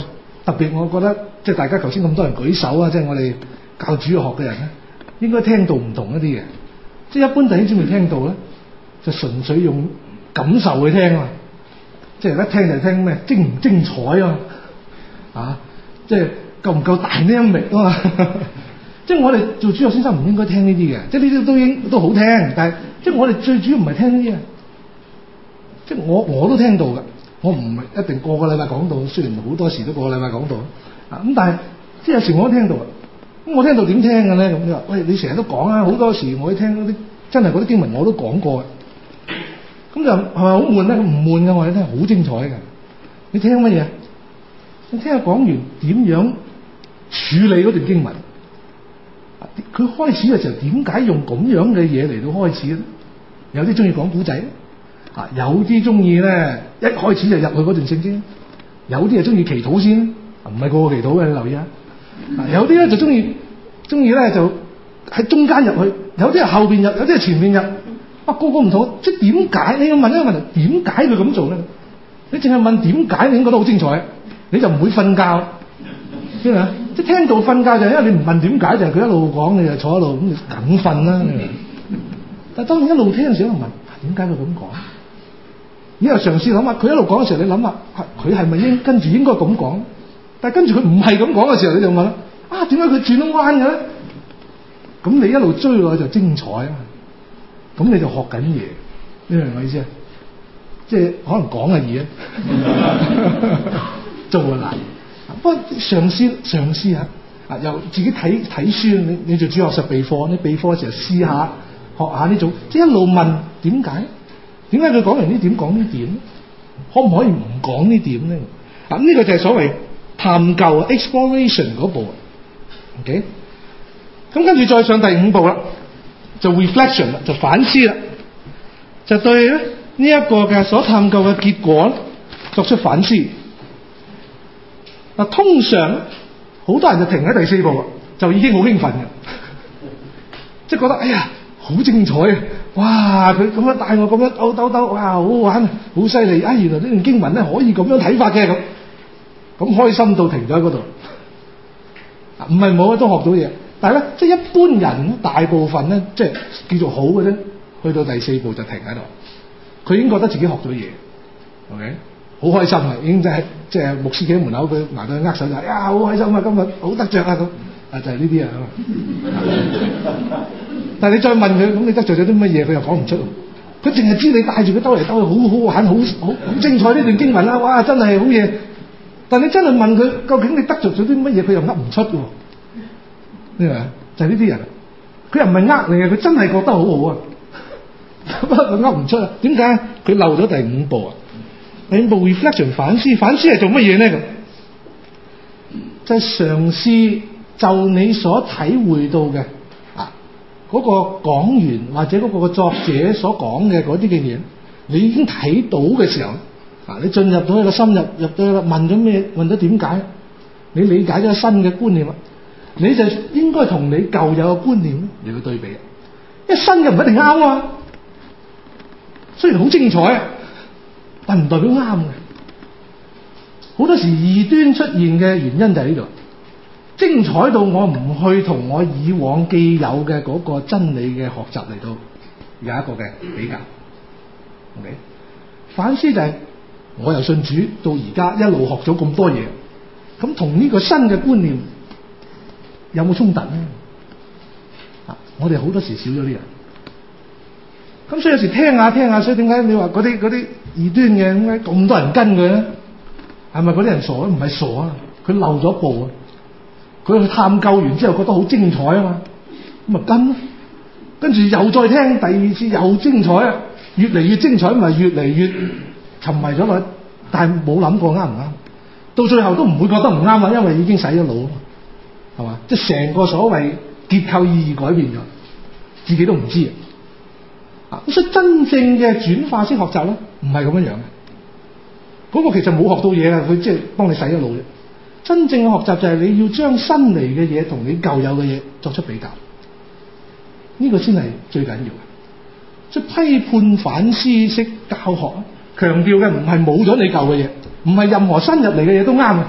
特別我覺得即係大家頭先咁多人舉手啊，即係我哋教主日學嘅人咧，應該聽道唔同一啲嘢。即係一般弟兄姊妹聽道咧，就純粹用感受去聽啊。即係一聽就聽咩精唔精彩啊？啊，即係夠唔夠大一力啊？呵呵即係我哋做主教先生唔應該聽呢啲嘅，即係呢啲都應都好聽，但係即係我哋最主要唔係聽呢啲嘅。即係我我都聽到嘅，我唔係一定個個禮拜講到，雖然好多時都個個禮拜講到啊，咁但係即係有時我都聽到嘅。咁我聽到點聽嘅咧？咁就話喂，你成日都講啊，好多時我都聽嗰啲真係嗰啲經文我都講過嘅。咁就係咪好悶咧？唔悶嘅，我哋聽好精彩嘅。你聽乜嘢？你聽下講完點樣處理嗰段經文？佢開始嘅時候點解用咁樣嘅嘢嚟到開始咧？有啲中意講古仔，啊有啲中意咧，一開始就入去嗰段聖經。有先有啲係中意祈禱先，唔係個個祈禱嘅，你留意啊。有啲咧就中意，中意咧就喺中間入去。有啲係後面入，有啲係前面入，啊個個唔同。即係點解你要問呢個問題？點解佢咁做咧？你淨係問點解，你，你覺得好精彩，你就唔會瞓覺，知啊？一聽到瞓覺就係因為你唔問點解，就係佢一路講，你就坐喺度咁就梗瞓啦。但係當你一路聽嘅時候問點解佢咁講，你又嘗試諗下佢一路講嘅時候，你諗下佢係咪應跟住應該咁講？但係跟住佢唔係咁講嘅時候，你就問啦：啊點解佢轉彎嘅？咁你一路追落去就精彩啊！咁你就學緊嘢，你明唔明我意思啊？即係可能講嘅嘢， 做嘅不過嘗試嘗試嚇，啊又自己睇睇書，你你做主學實備課，你備課嘅時候試下學下呢種，即係一路問點解？點解佢講完呢點講呢點？可唔可以唔講呢點咧？啊，呢個就係所謂探究 exploration 嗰步。OK，咁跟住再上第五步啦，就 reflection 啦，就反思啦，就對咧呢一個嘅所探究嘅結果作出反思。通常好多人就停喺第四步啦，就已經好興奮嘅，即係覺得哎呀好精彩啊！哇，佢咁樣帶我咁樣兜兜兜，哇，好玩啊，好犀利啊！原來呢段經文咧可以咁樣睇法嘅，咁，咁開心到停咗喺嗰度。唔係冇啊都學到嘢，但係咧即係一般人大部分咧即係叫做好嘅啫，去到第四步就停喺度，佢已經覺得自己學到嘢，OK。好開心啊！已經就係即係牧師企喺門口，佢埋到去握手就係、哎、呀，好開心啊！今日好得著啊咁啊，就係呢啲啊。 但係你再問佢，咁你得著咗啲乜嘢？佢又講唔出。佢淨係知你帶住佢兜嚟兜去，好好玩，好好好精彩呢段經文啦。哇，真係好嘢！但係你真係問佢究竟你得著咗啲乜嘢？佢又呃唔出喎。咩就係呢啲人。佢又唔係呃你啊！佢真係覺得好好啊，不過佢呃唔出啊。點解？佢漏咗第五步啊！你冇 reflection 反思，反思係做乜嘢咧？就係嘗試就你所體會到嘅啊，嗰、嗰個講員或者嗰個作者所講嘅嗰啲嘅嘢，你已經睇到嘅時候啊，你進入到一個深入，入到啦，問咗咩？問咗點解？你理解咗新嘅觀念啦，你就應該同你舊有嘅觀念嚟去對比啊！一新嘅唔一定啱啊，雖然好精彩啊！係唔代表啱嘅，好多時異端出現嘅原因就喺呢度，精彩到我唔去同我以往既有嘅嗰個真理嘅學習嚟到有一個嘅比較，OK？反思就係、是、我由信主到而家一路學咗咁多嘢，咁同呢個新嘅觀念有冇衝突咧？啊，我哋好多時少咗啲人，咁所以有時聽下聽下，所以點解你話嗰啲嗰啲？異端嘅點解咁多人跟佢？係咪啲人傻咧？唔係傻啊！佢漏咗步啊！佢去探究完之後覺得好精彩那啊嘛，咁咪跟咯。跟住又再聽第二次又精彩啊！越嚟越精彩，咪越嚟越沉迷咗落。但係冇諗過啱唔啱？到最後都唔會覺得唔啱啊，因為已經洗咗腦啊嘛，係嘛？即係成個所謂結構意義改變咗，自己都唔知道。啊。所以真正嘅轉化式學習咧，唔係咁樣樣。咁我其實冇學到嘢啊，佢即係幫你洗咗腦嘅。真正嘅學習就係你要將新嚟嘅嘢同你舊有嘅嘢作出比較，呢個先係最緊要嘅。即係批判反思式教學，強調嘅唔係冇咗你舊嘅嘢，唔係任何新入嚟嘅嘢都啱嘅。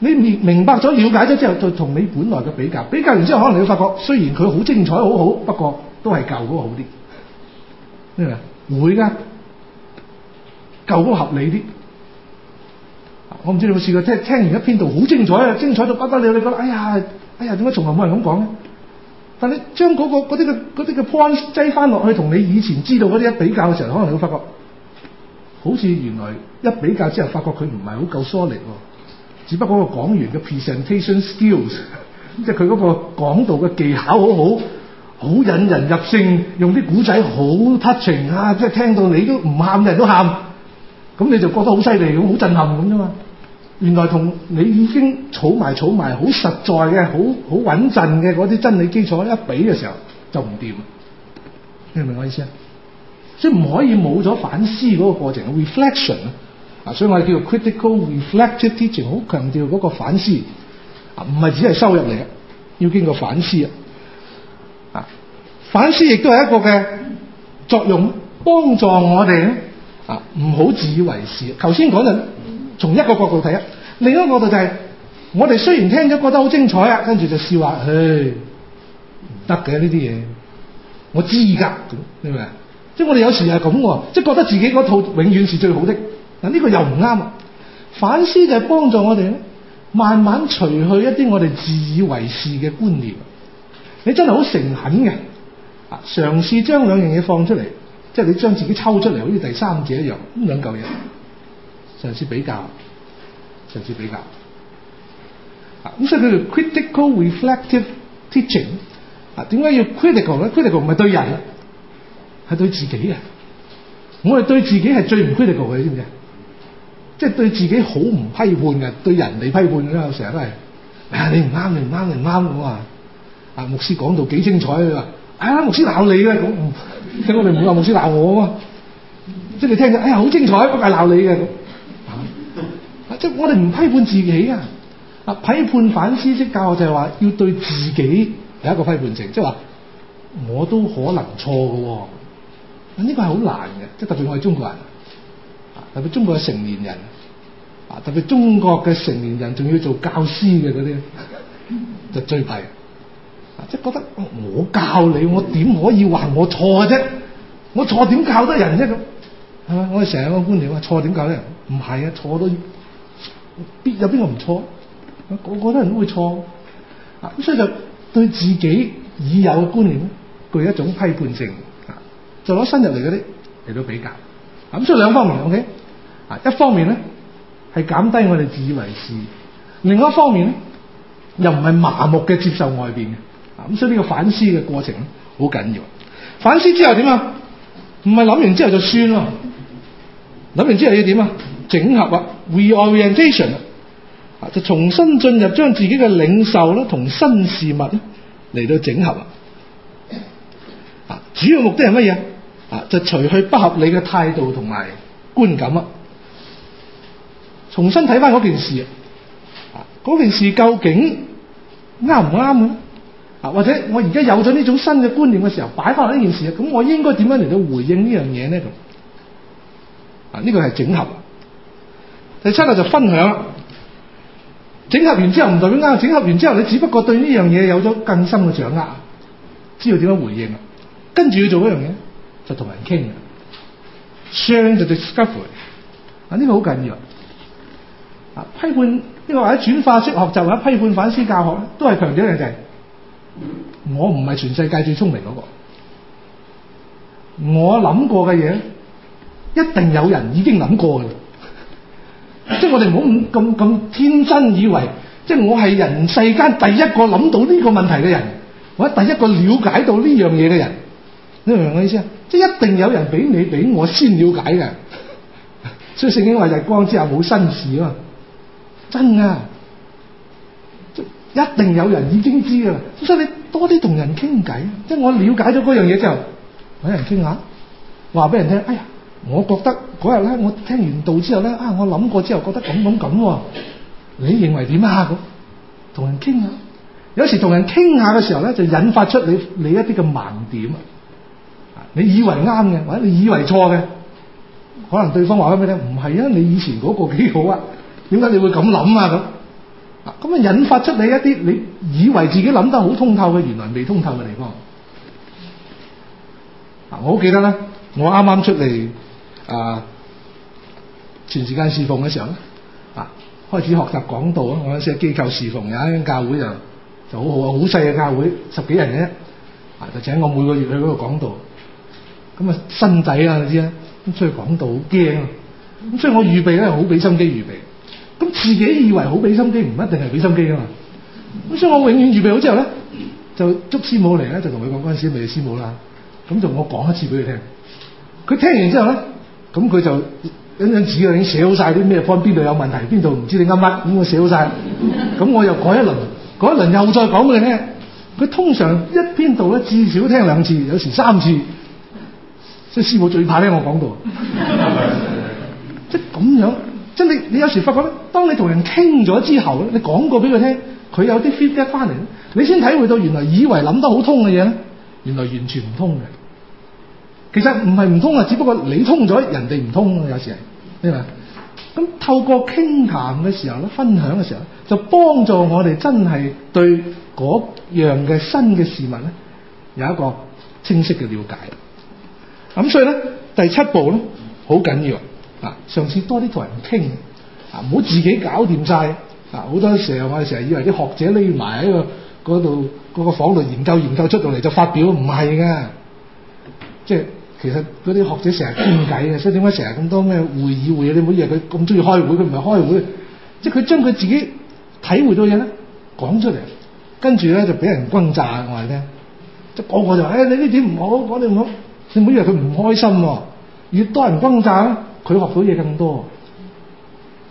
你明白咗、了解咗之後，就同你本來嘅比較，比較完之後，可能你會發覺雖然佢好精彩、好好，不過都係舊嗰好啲。咩啊？會噶，夠合理啲。我唔知你有冇試過，即聽，聽完一篇道好精彩啊！精彩到不得了，你覺得哎呀，哎呀，點解從來冇人咁講咧？但係你將嗰、嗰個嗰啲嘅嗰啲嘅 point 擠翻落去，同你以前知道嗰啲一比較嘅時候，可能你會發覺，好似原來一比較之後，發覺佢唔係好夠 solid。只不過個講員嘅 presentation skills，即係佢嗰個講道嘅技巧好好。好引人入勝，用啲古仔好 touch 情啊！即係聽到你都唔喊，人都喊，咁你就覺得好犀利，好震撼咁啫嘛。原來同你已經儲埋儲埋好實在嘅、好好穩陣嘅嗰啲真理基礎一比嘅時候，就唔掂。你明唔明我意思啊？即係唔可以冇咗反思嗰個過程，reflection 啊！所以，以，所以我哋叫做 critical reflective teaching，好強調嗰個反思啊！唔係只係收入嚟嘅，要經過反思啊。反思亦都係一個嘅作用，幫助我哋咧啊，唔好自以為是。頭先講緊從一個角度睇啊，另一個角度就係、是、我哋雖然聽咗覺得好精彩啊，跟住就笑話，唉唔得嘅呢啲嘢，我知㗎，明唔明啊？即係我哋有時係咁喎，即係覺得自己嗰套永遠是最好的。嗱，呢個又唔啱。反思就係幫助我哋咧，慢慢除去一啲我哋自以為是嘅觀念。你真係好誠懇嘅。嘗試將兩樣嘢放出嚟，即係你將自己抽出嚟，好似第三者一樣。咁兩嚿嘢嘗試比較，嘗試比較。咁所以叫做 critical reflective teaching。啊，點解要 critical 咧？critical 唔係對人，係對自己嘅。我係對自己係最唔 critical 嘅，你知唔知？即係對自己好唔批判嘅，對人嚟批判啦，成日都係啊！你唔啱，你唔啱，你唔啱咁啊！啊，牧師講到幾精彩啊！係啊，牧師鬧你嘅，咁，咁我哋唔話牧師鬧我啊嘛。即係你聽咗，哎呀，好精彩，不過鬧你嘅，咁，即係我哋唔批判自己啊，批判反思式教學就係話要對自己有一個批判性，即係話我都可能錯嘅，啊呢個係好難嘅，即係特別我係中國人，啊特別中國嘅成年人，啊特別中國嘅成年人仲要做教師嘅嗰啲，就最弊。即係覺得我教你，我點可以話我錯啫？我錯點教得人啫？咁係嘛？我哋成個觀念話錯點教得人？唔係啊！錯都必有邊個唔錯？個個都人都會錯啊！咁所以就對自己已有嘅觀念具一種批判性啊！再攞新入嚟嗰啲嚟到比較咁，啊、所以兩方面 OK 啊？一方面咧係減低我哋自以為是，另外一方面咧又唔係麻木嘅接受外邊嘅。咁所以呢個反思嘅過程咧好緊要，反思之後點啊？唔係諗完之後就算咯，諗完之後要點啊？整合啊，reorientation 啊，就重新進入將自己嘅領受咧同新事物咧嚟到整合啊。啊，主要目的係乜嘢啊？就除去不合理嘅態度同埋觀感啊，重新睇翻嗰件事啊，嗰件事究竟啱唔啱啊？啊，或者我而家有咗呢種新嘅觀念嘅時候，擺翻落呢件事啊，咁我應該點樣嚟到回應這件事呢樣嘢咧？啊，呢個係整合。第七個就分享。整合完之後唔代表啱，整合完之後你只不過對呢樣嘢有咗更深嘅掌握，知道點樣回應。跟住要做一樣嘢就同人傾。Share 就 discovery。啊，呢個好緊要。啊，批判呢個或者轉化式學習，或者批判反思教學咧，都係強調嘅就係。我唔係全世界最聰明嗰、那個，我諗過嘅嘢，一定有人已經諗過嘅。即、就、係、是、我哋唔好咁咁天真以為，即、就、係、是、我係人世間第一個諗到呢個問題嘅人，或者第一個了解到呢樣嘢嘅人，你明唔明我意思啊？即、就、係、是、一定有人畀你畀我先了解嘅，所以聖經話日光之下冇新事嘛，真啊！一定有人已經知噶啦，所以你多啲同人傾偈。即係我了解咗嗰樣嘢之後，俾人傾下，話俾人聽。哎呀，我覺得嗰日咧，我聽完道之後咧，啊，我諗過之後覺得咁咁咁喎。你認為點啊？咁同人傾下。有時同人傾下嘅時候咧，就引發出你你一啲嘅盲點。啊，你以為啱嘅，或者你以為錯嘅，可能對方話翻俾你聽，唔係啊，你以前嗰個幾好啊，點解你會咁諗啊？咁。咁啊，引發出嚟一啲你以為自己諗得好通透嘅，原來未通透嘅地方。我好記得咧，我啱啱出嚟啊，全時間侍奉嘅時候咧，啊，開始學習講道啊，我喺啲機構侍奉，有一間教會就就好好啊，好細嘅教會，十幾人嘅，啊，就請我每個月去嗰度講道。咁啊，新仔啊，你知啦，咁出去講道好驚啊，咁所以我預備咧，好俾心機預備。咁自己以為好俾心機，唔一定係俾心機㗎嘛。咁所以我永遠預備好之後咧，就捉師母嚟咧，就同佢講嗰陣時咪、就是、師母啦。咁就我講一次俾佢聽。佢聽完之後咧，咁佢就一張紙啊已經寫好曬啲咩方，邊度有問題，邊度唔知你啱乜，咁我寫好曬。咁 我又改一輪，改一輪又再講佢聽。佢通常一篇道咧至少聽兩次，有時三次。即係師母最怕呢，我講道。即 咁樣真係你，有時發覺咧，當你同人傾咗之後咧，你講過俾佢聽，佢有啲 feedback 翻嚟咧，你先體會到原來以為諗得好通嘅嘢咧，原來完全唔通嘅。其實唔係唔通啊，只不過你通咗，人哋唔通啊。有時係，你話，咁透過傾談嘅時候咧，分享嘅時候咧，就幫助我哋真係對嗰樣嘅新嘅事物咧，有一個清晰嘅了解。咁所以咧，第七步咧，好緊要。啊！上次多啲同人傾啊，唔好自己搞掂晒。啊！好多時候，我哋成日以為啲學者匿埋喺個嗰度嗰個房度研究研究出到嚟就發表，唔係㗎。即係其實嗰啲學者成日傾偈嘅，所以點解成日咁多咩會議會？你唔好以為佢咁中意開會，佢唔係開會，即係佢將佢自己體會到嘢咧，講出嚟，跟住咧就俾人轟炸。我話你聽，即係個個就話，誒你呢點唔好，嗰點唔好，你唔好以為佢唔開心喎。越多人轟炸。佢學到嘢更多，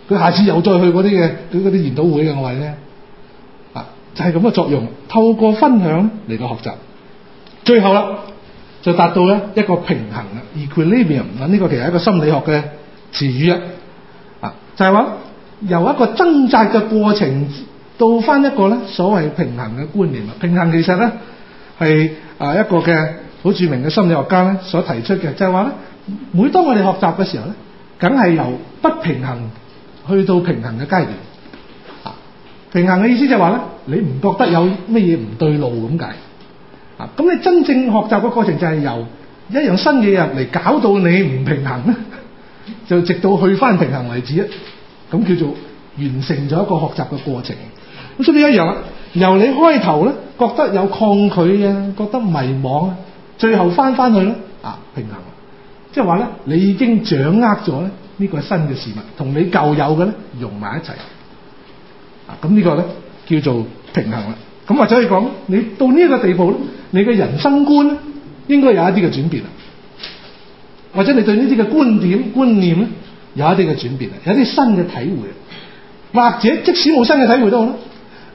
佢下次又再去嗰啲嘅，佢嗰啲研討會嘅我話咧，啊就係咁嘅作用，透過分享嚟到學習，最後啦就達到咧一個平衡啊，equilibrium 嗱呢個其實係一個心理學嘅詞語啊，就係、是、話由一個掙扎嘅過程到翻一個咧所謂平衡嘅觀念啊，平衡其實咧係啊一個嘅好著名嘅心理學家咧所提出嘅，就係話咧每當我哋學習嘅時候咧。梗係由不平衡去到平衡嘅階段。平衡嘅意思就係話咧，你唔覺得有乜嘢唔對路咁解？啊，咁你真正學習嘅過程就係由一樣新嘢入嚟搞到你唔平衡咧，就直到去翻平衡為止啊。咁叫做完成咗一個學習嘅過程。咁所以一樣啦，由你開頭咧覺得有抗拒啊，覺得迷惘啊，最後翻翻去咧啊，平衡。即係話咧，你已經掌握咗咧呢個新嘅事物，同你舊有嘅咧融埋一齊。啊，咁呢個咧叫做平衡啦。咁或者可以講你到呢一個地步咧，你嘅人生觀咧應該有一啲嘅轉變啦。或者你對呢啲嘅觀點、觀念咧有一啲嘅轉變啦，有啲新嘅體會。或者即使冇新嘅體會都好啦，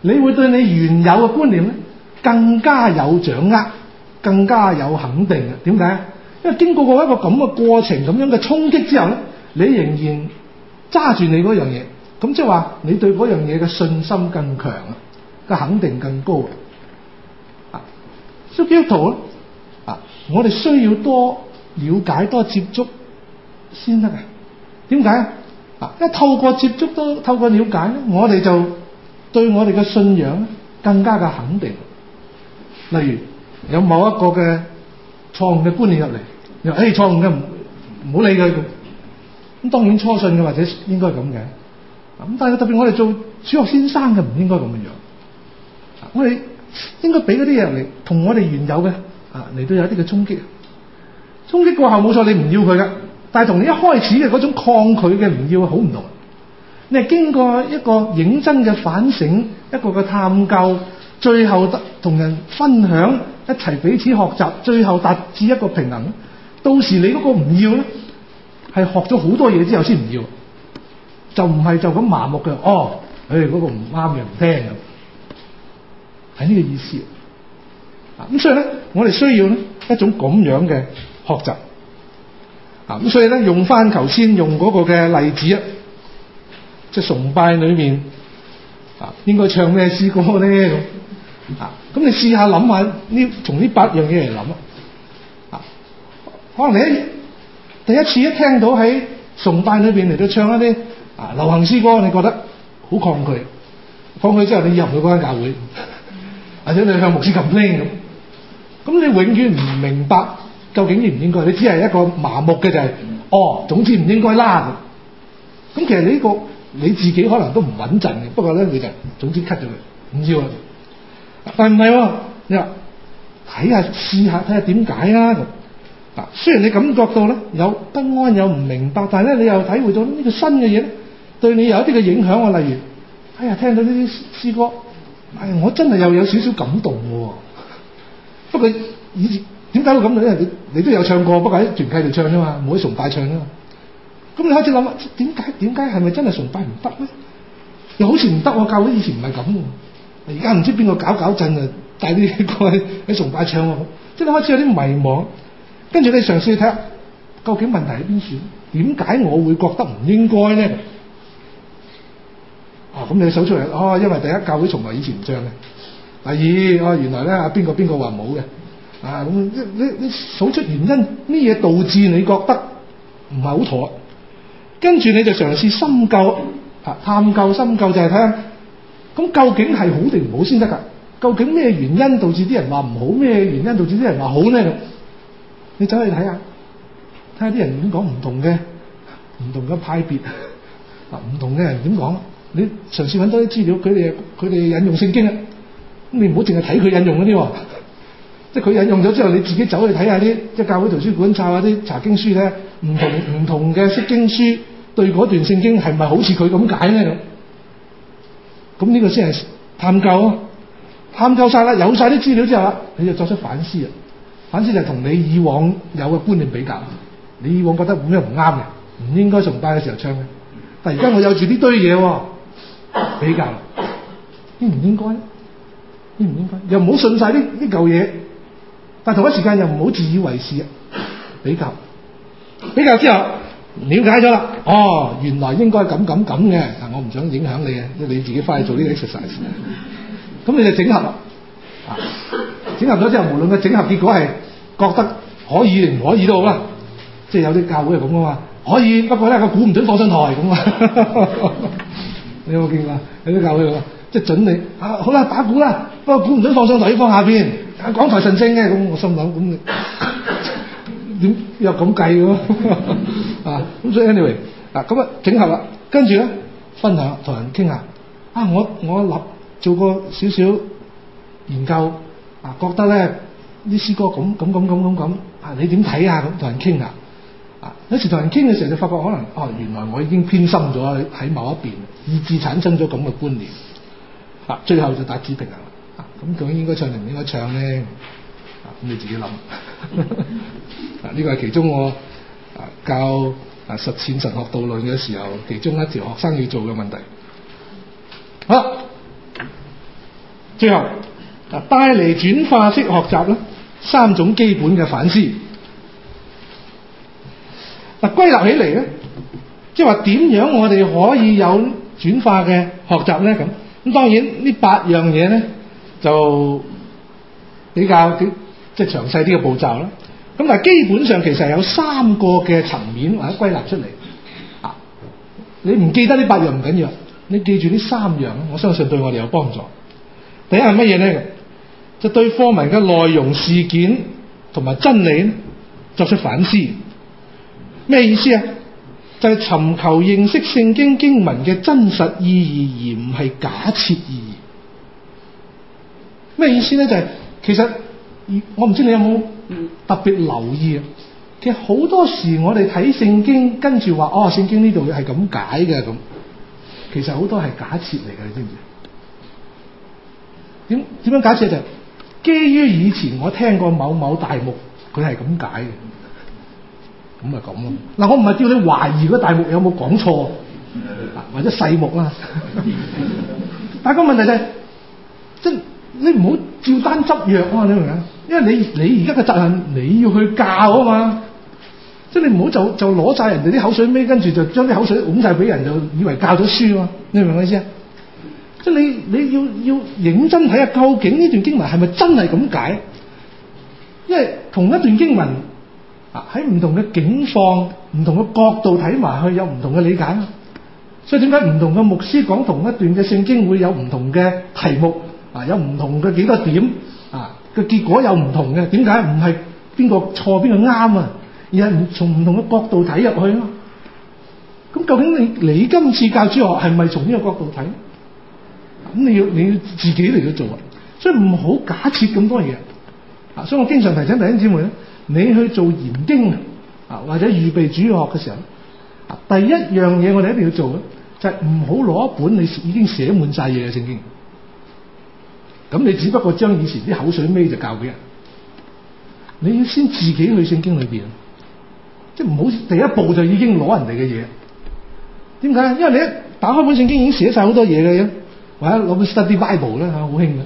你會對你原有嘅觀念咧更加有掌握，更加有肯定嘅。點解？因為經過過一個咁嘅過程，咁樣嘅衝擊之後咧，你仍然揸住你嗰樣嘢，咁即係話你對嗰樣嘢嘅信心更強啊，嘅肯定更高啊。啊，所以呢圖咧，啊，我哋需要多了解、多接觸先得啊。點解啊？啊，一透過接觸都，透過了解咧，我哋就對我哋嘅信仰更加嘅肯定。例如有某一個嘅錯誤嘅觀念入嚟。誒、哎、錯誤嘅唔唔好理佢咁，當然初信嘅或者應該咁嘅咁，但係特別我哋做主學先生嘅唔應該咁嘅樣。我哋應該俾嗰啲嘢嚟同我哋原有嘅啊嚟都有一啲嘅衝擊。衝擊過後冇錯，你唔要佢㗎。但係同你一開始嘅嗰種抗拒嘅唔要好唔同。你係經過一個認真嘅反省，一個嘅探究，最後得同人分享，一齊彼此學習，最後達至一個平衡。到時你嗰個唔要咧，係學咗好多嘢之後先唔要，就唔係就咁麻木嘅。哦，誒嗰個唔啱嘅唔聽咁，係呢個意思。啊，咁所以咧，我哋需要咧一種咁樣嘅學習。啊，咁所以咧用翻頭先用嗰個嘅例子啊，即係崇拜裏面啊，應該唱咩詩歌呢？咁啊？咁你試下諗下呢，從呢八樣嘢嚟諗啊。可、啊、能你第一次一聽到喺崇拜裏面嚟到唱一啲啊流行詩歌，你覺得好抗拒，抗拒之後你入唔到嗰間教會，或者你向牧師咁 complain 咁。咁你永遠唔明白究竟應唔應該，你只係一個麻木嘅就係、是、哦，總之唔應該啦咁。咁其實你呢、這個你自己可能都唔穩陣嘅，不過咧你就總之 cut 咗佢唔要，但係唔係你話睇下試下睇下點解咁。雖然你感覺到咧有不安，有唔明白，但係咧你又體會到呢個新嘅嘢咧，對你有一啲嘅影響啊。例如，哎呀，聽到呢啲詩歌，哎呀，我真係又有少少感動嘅喎。不過以前點解會感動咧？你你都有唱過，不過喺團契度唱啫嘛，冇喺崇拜唱啫嘛。咁你開始諗啊，點解點解係咪真係崇拜唔得咧？又好似唔得，我教會以前唔係咁嘅，而家唔知邊個搞搞震啊，帶啲過去喺崇拜唱，即係開始有啲迷茫。跟住你嘗試睇下，究竟問題喺邊處？點解我會覺得唔應該咧？啊，咁你數出嚟，哦，因為第一教會從來以前唔漲嘅；第二，哦，原來咧邊個邊個話冇嘅。啊，咁你你數出原因，咩嘢導致你覺得唔係好妥？跟住你就嘗試深究、啊探究、深究就看看，就係睇下，咁究竟係好定唔好先得㗎？究竟咩原因導致啲人話唔好？咩原因導致啲人話好咧？你走去睇下，睇下啲人點講唔同嘅，唔同嘅派別，嗱唔同嘅人點講？你嘗試揾多啲資料，佢哋佢哋引用聖經啊，咁你唔好淨係睇佢引用嗰啲喎，即係佢引用咗之後，你自己走去睇下啲，即係教會圖書館抄下啲查經書咧，唔同唔同嘅釋經書對嗰段聖經係咪好似佢咁解咧咁？咁呢個先係探究啊，探究晒啦，有晒啲資料之後啦，你就作出反思啊。反正就係同你以往有嘅觀念比較，你以往覺得咁樣唔啱嘅，唔應該崇拜嘅時候唱嘅，但係而家我有住呢堆嘢比較，應唔應該？應唔應該？又唔好信晒呢啲舊嘢，但係同一時間又唔好自以為是啊！比較比較之後了解咗啦，哦，原來應該咁咁咁嘅，但我唔想影響你啊，你自己返去做呢個 exercise，咁你就整合啊！整合咗之後，無論個整合結果係覺得可以定唔可以都好啦。即係有啲教會係咁啊嘛，可以不過咧，個鼓唔准放上台咁啊。你有冇見過啊？有啲教會話即係準你啊，好啦，打鼓啦，不過鼓唔准放上台，放下邊啊，講台神聖嘅咁，我心諗咁點又咁計㗎喎啊？咁所以 anyway 嗱，咁啊整合啦，跟住咧分享同人傾下啊，我我立做個少少研究。覺得呢啲詩歌咁咁咁咁咁咁，啊你點睇啊？咁同人傾啊，啊有時同人傾嘅時候，就發覺可能哦，原來我已經偏心咗喺某一邊，以致產生咗咁嘅觀念。啊，最後就打指評人。啊，咁究竟應該唱定唔應該唱咧？啊，咁你自己諗。啊，呢個係其中我啊教啊實踐神學導論嘅時候，其中一條學生要做嘅問題。好，最後。嗱，帶嚟轉化式學習啦，三種基本嘅反思。嗱、啊，歸納起嚟咧，即係話點樣我哋可以有轉化嘅學習咧？咁咁當然呢八樣嘢咧，就比較啲即係詳細啲嘅步驟啦。咁但係基本上其實係有三個嘅層面或者、啊、歸納出嚟。啊，你唔記得呢八樣唔緊要，你記住呢三樣，我相信對我哋有幫助。第一係乜嘢咧？就對課文嘅內容、事件同埋真理作出反思。咩意思啊？就係尋求認識聖經經文嘅真實意義，而唔係假設意義。咩意思咧？就係其實我唔知你有冇特別留意，其實好多時我哋睇聖經，跟住話哦，聖經呢度係咁解嘅。咁，其實好多係假設嚟嘅，你知唔知？點，點樣假設就係？基於以前我聽過某某大木，佢係咁解嘅，咁咪咁咯。嗱，我唔係叫你懷疑個大木有冇講錯，或者細木啦。但係個問題就係，即係你唔好照單執藥啊！你明唔明？因為你你而家嘅責任你要去教啊嘛，即係你唔好就就攞晒人哋啲口水尾，跟住就將啲口水揼晒俾人，就以為教咗書啊嘛，你明唔明意思啊？即你，你要要認真睇下，究竟呢段經文係咪真係咁解？因為同一段經文啊，喺唔同嘅境況，唔同嘅角度睇埋去，有唔同嘅理解。所以點解唔同嘅牧師講同一段嘅聖經會有唔同嘅題目啊？有唔同嘅幾個點啊？個結果有唔同嘅。點解唔係邊個錯邊個啱啊？而係唔從唔同嘅角度睇入去啊！咁究竟你你今次教主學係咪從呢個角度睇？咁你要你要自己嚟到做啊，所以唔好假設咁多嘢啊！所以我經常提醒弟兄姊妹咧，你去做研經啊，或者預備主日學嘅時候，第一樣嘢我哋一定要做嘅就係唔好攞一本你已經寫滿晒嘢嘅聖經，咁你只不過將以前啲口水尾就教俾人。你要先自己去聖經裏邊，即係唔好第一步就已經攞人哋嘅嘢。點解？因為你一打開本聖經已經寫晒好多嘢嘅。或者攞本 study Bible 咧嚇，好興嘅。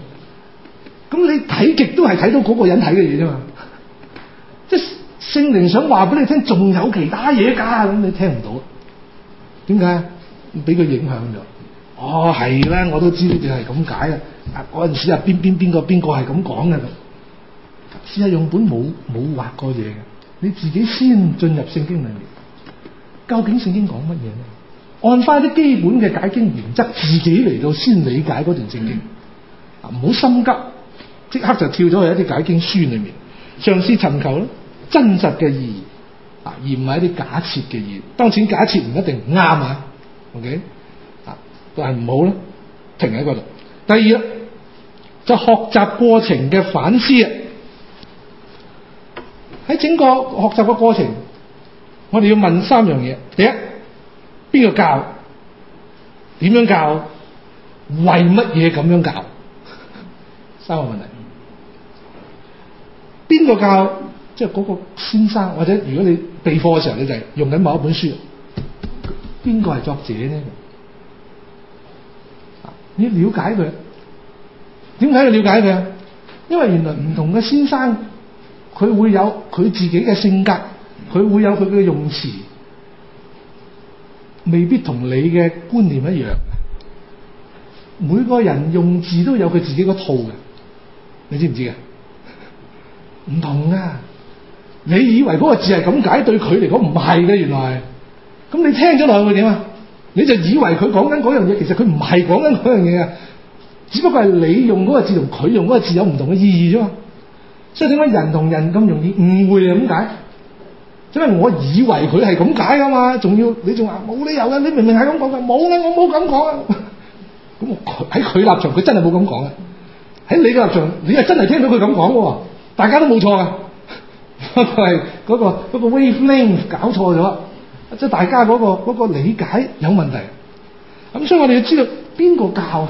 咁你睇極都係睇到嗰個人睇嘅嘢啫嘛。即係聖靈想話俾你聽，仲有其他嘢㗎，咁你聽唔到。點解？俾佢影響咗。哦，係啦，我都知你係咁解嘅。嗱，嗰陣時啊，邊邊邊個邊個係咁講嘅。私家用本冇冇畫過嘢嘅，你自己先進入聖經裡面，究竟聖經講乜嘢咧？按翻啲基本嘅解經原則，自己嚟到，先理解嗰段正經，啊唔好心急，即刻就跳咗去一啲解經書裏面，嘗試尋求咧真實嘅意義，啊而唔係一啲假設嘅意義。當然假設唔一定啱啊，OK，啊但係唔好咧，停喺嗰度。第二就學習過程嘅反思啊，喺整個學習嘅過程，我哋要問三樣嘢，第一。邊個教？點樣教？為乜嘢咁樣教？三個問題。邊個教？即係嗰個先生，或者如果你備課嘅時候，你就係用緊某一本書。邊個係作者呢？你了解佢？點解要了解佢？因為原來唔同嘅先生，佢會有佢自己嘅性格，佢會有佢嘅用詞。未必同你嘅觀念一樣，每個人用字都有佢自己個套嘅，你知唔知嘅？唔同啊！你以為嗰個字係咁解，對佢嚟講唔係嘅，原來咁你聽咗落去會點啊？你就以為佢講緊嗰樣嘢，其實佢唔係講緊嗰樣嘢啊！只不過係你用嗰個字同佢用嗰個字有唔同嘅意義啫嘛，所以點解人同人咁容易誤會啊？咁解？因為我以為佢係咁解㗎嘛，仲要你仲話冇理由嘅，你明明係咁講嘅，冇嘅，我冇咁講啊。咁喺佢立場，佢真係冇咁講嘅；喺你嘅立場，你係真係聽到佢咁講喎。大家都冇錯嘅，不過係嗰個 wave length 搞錯咗，即係大家嗰個嗰個理解有問題。咁所以我哋要知道邊個教啊？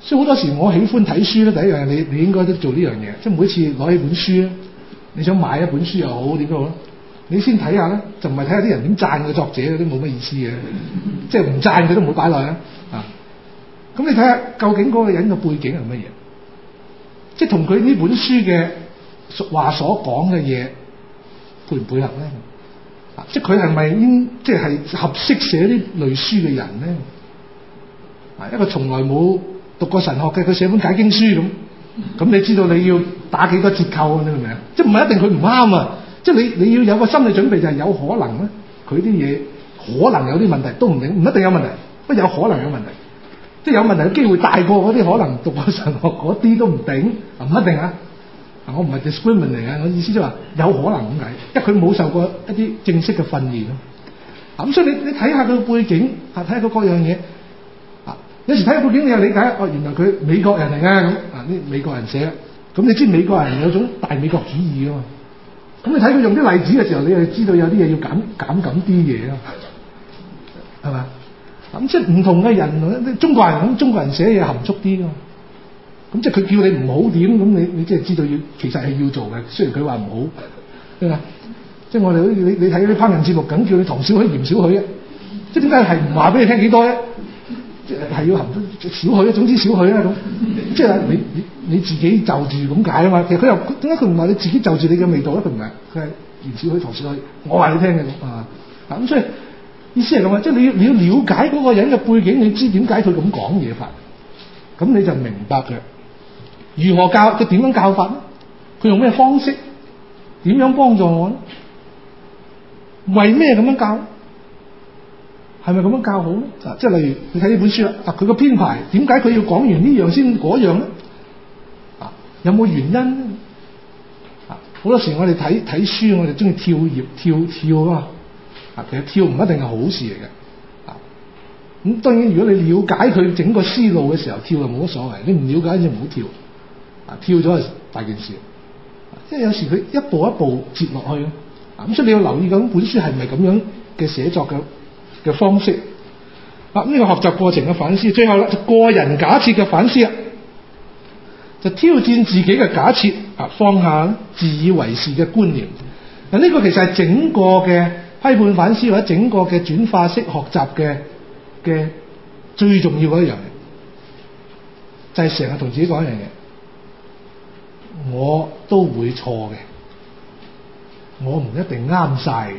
所以好多時，我喜歡睇書咧。第一樣嘢，你你應該都做呢樣嘢，即係每次攞起本書。你想買一本書又好點都好啦，你先睇下呢就唔係睇下啲人點讚佢，作者佢都冇乜意思嘅、 啊，即係唔讚佢都唔會擺落去啊。咁你睇下究竟嗰個人嘅背景係乜嘢，即係同佢呢本書嘅話所講嘅嘢配唔配合咧？啊，即係佢係咪應即係、係、合適寫呢類書嘅人咧？啊，一個從來冇讀過神學嘅佢寫本解經書咁。咁你知道你要打幾多折扣啊？你明唔明啊？即係唔係一定佢唔啱啊？即係你你要有個心理準備，就係有可能咧，佢啲嘢可能有啲問題都唔定，唔一定有問題，不過有可能有問題。即係有問題嘅機會大過嗰啲可能讀過神學嗰啲都唔定，唔一定啊。我唔係 discriminate 嚟嘅，我意思即係話有可能咁解，因為佢冇受過一啲正式嘅訓練咯。咁所以你你睇下佢背景，啊，睇下佢各樣嘢。有時睇背景你又理解，哦，原來佢美國人嚟啊，咁，啊啲美國人寫，咁你知美國人有種大美國主義啊嘛，咁你睇佢用啲例子嘅時候，你又知道有啲嘢要減減減啲嘢咯，係嘛？咁即係唔同嘅人，中國人咁，中國人寫嘢含蓄啲啊嘛，咁即係佢叫你唔好點，咁你你即係知道要其實係要做嘅，雖然佢話唔好，啊，即係我哋好似你你睇啲烹飪節目咁，叫你糖少許鹽少許嘅，即係點解係唔話俾你聽幾多咧？即係要含得少許啦，總之少許啦咁。即係你你你自己就住咁解啊嘛。其實佢又點解佢唔話你自己就住你嘅味道咧？佢唔係，佢係唔少許同少許。我話你聽嘅啊。咁所以意思係咁嘅，即係你要你要了解嗰個人嘅背景，你知點解佢咁講嘢法，咁你就明白佢，如何教佢點樣教法咧？佢用咩方式？點樣幫助我咧？為咩咁樣教？係咪咁樣教好咧？啊，即係例如你睇呢本書啦，啊，佢個編排點解佢要講完呢樣先嗰樣咧？啊，有冇原因咧？啊，好多時我哋睇睇書我們喜歡，我哋中意跳頁跳跳噶啊，其實跳唔一定係好事嚟嘅。啊，咁當然，如果你了解佢整個思路嘅時候，跳就冇乜所謂。你唔了解，就唔好跳。啊，跳咗係大件事。即係有時佢一步一步接落去啊，咁所以你要留意緊本書係咪係咁樣嘅寫作嘅。嘅方式，啊、這、呢個學習過程嘅反思，最後咧，就個人假設嘅反思，就挑戰自己嘅假設，啊，放下自以為是嘅觀念。嗱、這、呢個其實係整個嘅批判反思或者整個嘅轉化式學習嘅嘅最重要嘅一樣嘢，就係成日同自己講一樣嘢，我都會錯嘅，我唔一定啱晒嘅。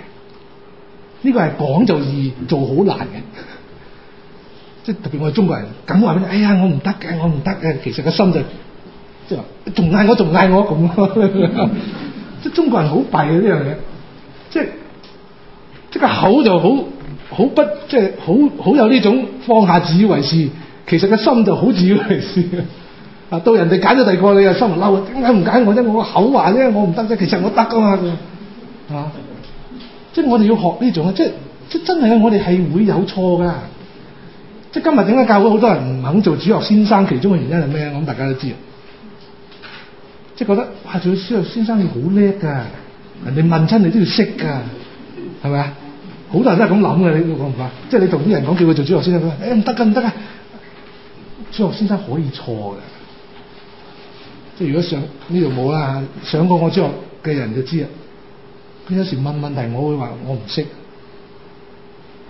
呢個係講就易，做好難嘅。即係特別我哋中國人咁話俾你：哎呀，我唔得嘅，我唔得嘅。其實個心就即係話，仲嗌我，仲嗌我咁。即係中國人好弊嘅呢樣嘢，即係即係個口就好好不，即係好好有呢種放下自以為是，其實個心就好自以為是啊！到人哋揀咗第二個，你又心又嬲，點解唔揀我啫？我個口話啫，我唔得啫。其實我得噶嘛，係嘛？即係我哋要學呢種啊！即係即係真係我哋係會有錯㗎。即係今日點解教會好多人唔肯做主學先生？其中嘅原因係咩啊？我諗大家都知啊。即係覺得哇，做主學先生你好叻㗎，人哋問親你都要識㗎，係咪啊？好多人都係咁諗嘅，你覺唔覺？即係你同啲人講叫佢做主學先生，佢話：誒唔得㗎，唔得㗎！主學先生可以錯㗎。即係如果上呢度冇啦，上過我主學嘅人就知啦。佢有時問問題，我會話我唔識。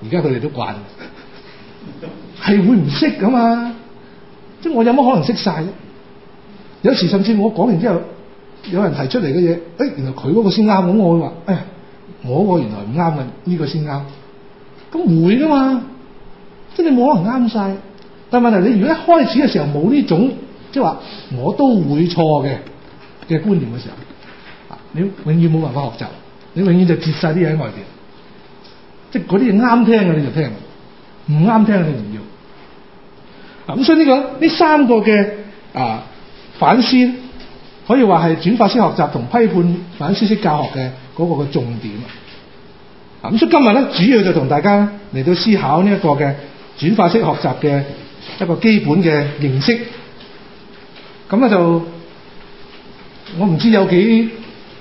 而家佢哋都慣，係會唔識噶嘛？即係我有乜可能識曬？有時甚至我講完之後，有人提出嚟嘅嘢，誒、哎、原來佢嗰個先啱，咁我會話誒、哎，我個原來唔啱嘅，呢個先啱。咁會噶嘛？即係你冇可能啱曬。但係問題，你如果一開始嘅時候冇呢種，即係話我都會錯嘅嘅觀念嘅時候，你永遠冇辦法學習。你永遠就接晒啲嘢喺外邊，即係嗰啲嘢啱聽嘅你就聽，唔啱聽你唔要、這個。啊，咁所以呢個呢三個嘅啊反思，可以話係轉化式學習同批判反思式教學嘅嗰個嘅重點。啊，咁所以今日咧主要就同大家嚟到思考呢一個嘅轉化式學習嘅一個基本嘅認識。咁咧就我唔知有幾，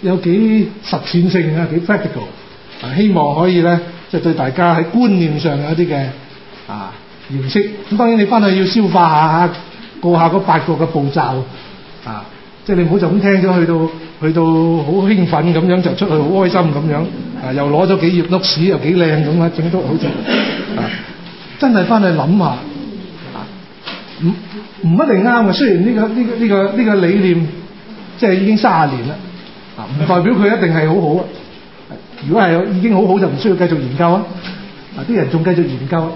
有幾實踐性啊，幾 practical 啊！希望可以咧，即係對大家喺觀念上有一啲嘅啊認識。咁當然你翻去要消化下，過下嗰八個嘅步驟啊！即係你唔好就咁聽咗，去到去到好興奮咁樣就出去好開心咁樣啊！又攞咗幾頁碌屎，又幾靚咁啊，整到好正啊！真係翻去諗下啊，唔唔一定啱嘅。雖然呢個呢個呢個呢個理念即係已經三十年啦。啊！唔代表佢一定係好好啊！如果係已經好好，就唔需要繼續研究啊！啲人仲繼續研究，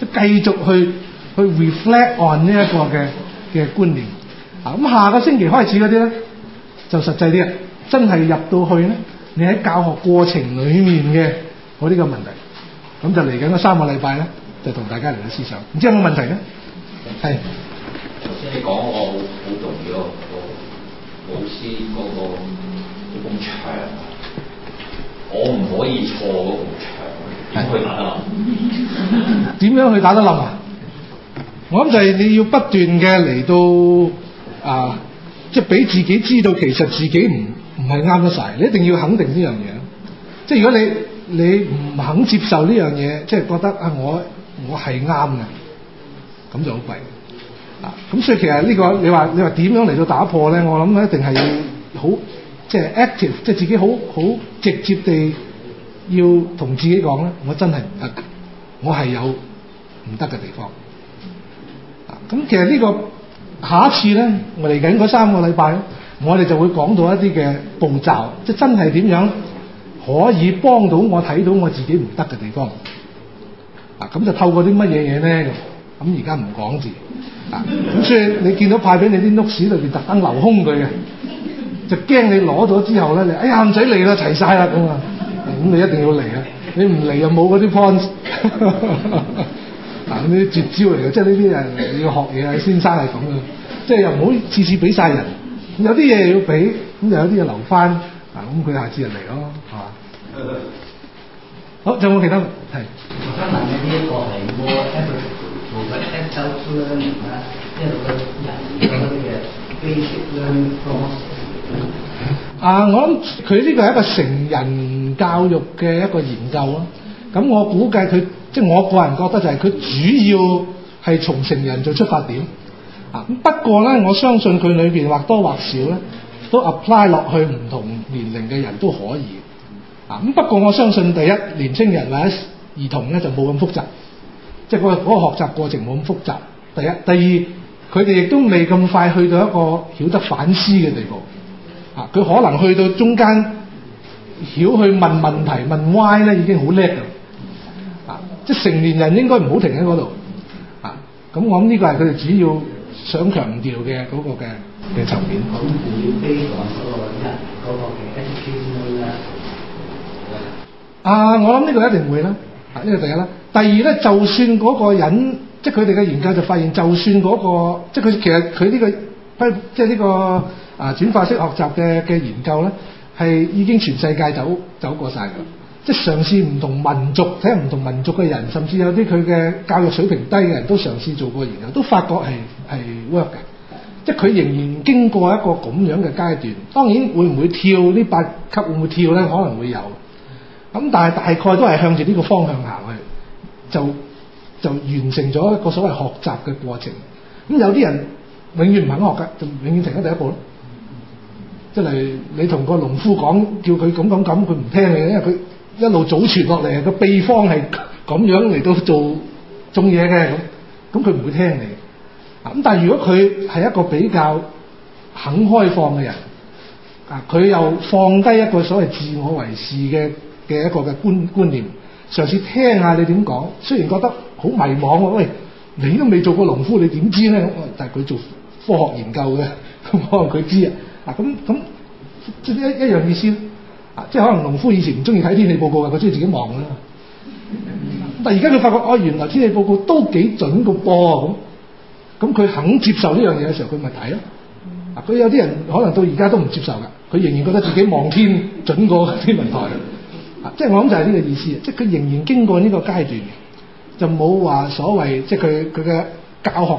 即繼續去去 reflect on 呢一個嘅嘅觀念啊！咁、啊、下個星期開始嗰啲咧，就實際啲啊！真係入到去咧，你喺教學過程裏面嘅我呢個問題，咁就嚟緊三個禮拜咧，就同大家嚟咗思想。唔知有冇問題咧？係。頭先你講我好重要，個老師嗰個。咁長，我唔可以錯咁長，點去打得冧？點樣去打得冧啊？ 我諗就係你要不斷嘅嚟到啊，即係俾自己知道其實自己唔唔係啱得晒。你一定要肯定呢樣嘢。即係如果你你唔肯接受呢樣嘢，即係覺得啊，我我係啱嘅，咁就好弊。啊，咁所以其實呢個你話你話點樣嚟到打破咧？我諗一定係好。即係 active，即係自己好好直接地要同自己講咧，我真係唔得，我係有唔得嘅地方。咁其實呢個下一次咧，我嚟緊嗰三個禮拜，我哋就會講到一啲嘅步驟，即係真係點樣可以幫到我睇到我自己唔得嘅地方。啊，咁就透過啲乜嘢嘢咧？咁而家唔講字。咁所以你見到派俾你啲 notes 裏面特登留空佢嘅。就驚你攞咗之後咧，你哎呀唔使嚟啦，齊曬啦咁啊！咁你一定要嚟啊！你唔嚟又冇嗰啲 points。嗱咁啲絕招嚟㗎，即係呢啲人要學嘢啊，先生係咁嘅，即係又唔好次次俾曬人，有啲嘢要俾，咁又有啲嘢留翻。咁佢下次人嚟咯，係嘛？好，仲有冇其他問題？係。我想問你呢一個我一啊！我諗佢呢個係一個成人教育嘅一個研究咯。咁我估計佢，即係我個人覺得就係佢主要係從成人做出發點啊。不過咧，我相信佢裏邊或多或少咧都 apply 落去唔同年齡嘅人都可以啊。咁不過我相信，第一年青人或者兒童咧就冇咁複雜，即係嗰個嗰個學習過程冇咁複雜。第一，第二，佢哋亦都未咁快去到一個曉得反思嘅地步。啊！佢可能去到中間，曉去問問題問 Y 咧，已經好叻啊！啊！即成年人應該唔好停喺嗰度啊！咁我諗呢個係佢哋主要想強調嘅嗰個嘅嘅層面。人、嗯、嘅啊？我諗呢個一定會啦！啊！呢個第一啦，第二咧，就算嗰個人，即佢哋嘅研究就發現就、嗰個，就算嗰、嗰個，即佢其實佢呢個。即係呢個啊轉化式學習嘅嘅研究呢，係已經全世界走走過曬㗎。即係嘗試唔同民族睇下唔同民族嘅人，甚至有啲佢嘅教育水平低嘅人都嘗試做過研究，都發覺係係 work 嘅。即係佢仍然經過一個咁樣嘅階段，當然會唔會跳呢八級會唔會跳呢？可能會有。咁但係大概都係向住呢個方向行去，就就完成咗一個所謂學習嘅過程。咁有啲人。永遠唔肯學㗎，就永遠停喺第一步咯。即係你同個農夫講，叫佢咁咁咁，佢唔聽你，因為佢一路祖傳落嚟個秘方係咁樣嚟到做種嘢嘅。咁咁佢唔會聽你。咁但係如果佢係一個比較肯開放嘅人，啊，佢又放低一個所謂自我為是嘅嘅一個嘅觀觀念，嘗試聽下你點講。雖然覺得好迷惘喎，喂，你都未做過農夫，你點知咧？但係佢做。.科學研究嘅，咁可能佢知啊。嗱，咁咁，即係一一,一樣意思啊，即係可能農夫以前唔中意睇天氣報告嘅，佢中意自己望啦。但係而家佢發覺哦，原來天氣報告都幾準嘅噃。咁，咁佢肯接受呢樣嘢嘅時候，佢咪睇咯。嗱、啊，佢有啲人可能到而家都唔接受㗎，佢仍然覺得自己望天準過天文台啊。即係我諗就係呢個意思，即係佢仍然經過呢個階段，就冇話所謂即係佢佢嘅教學。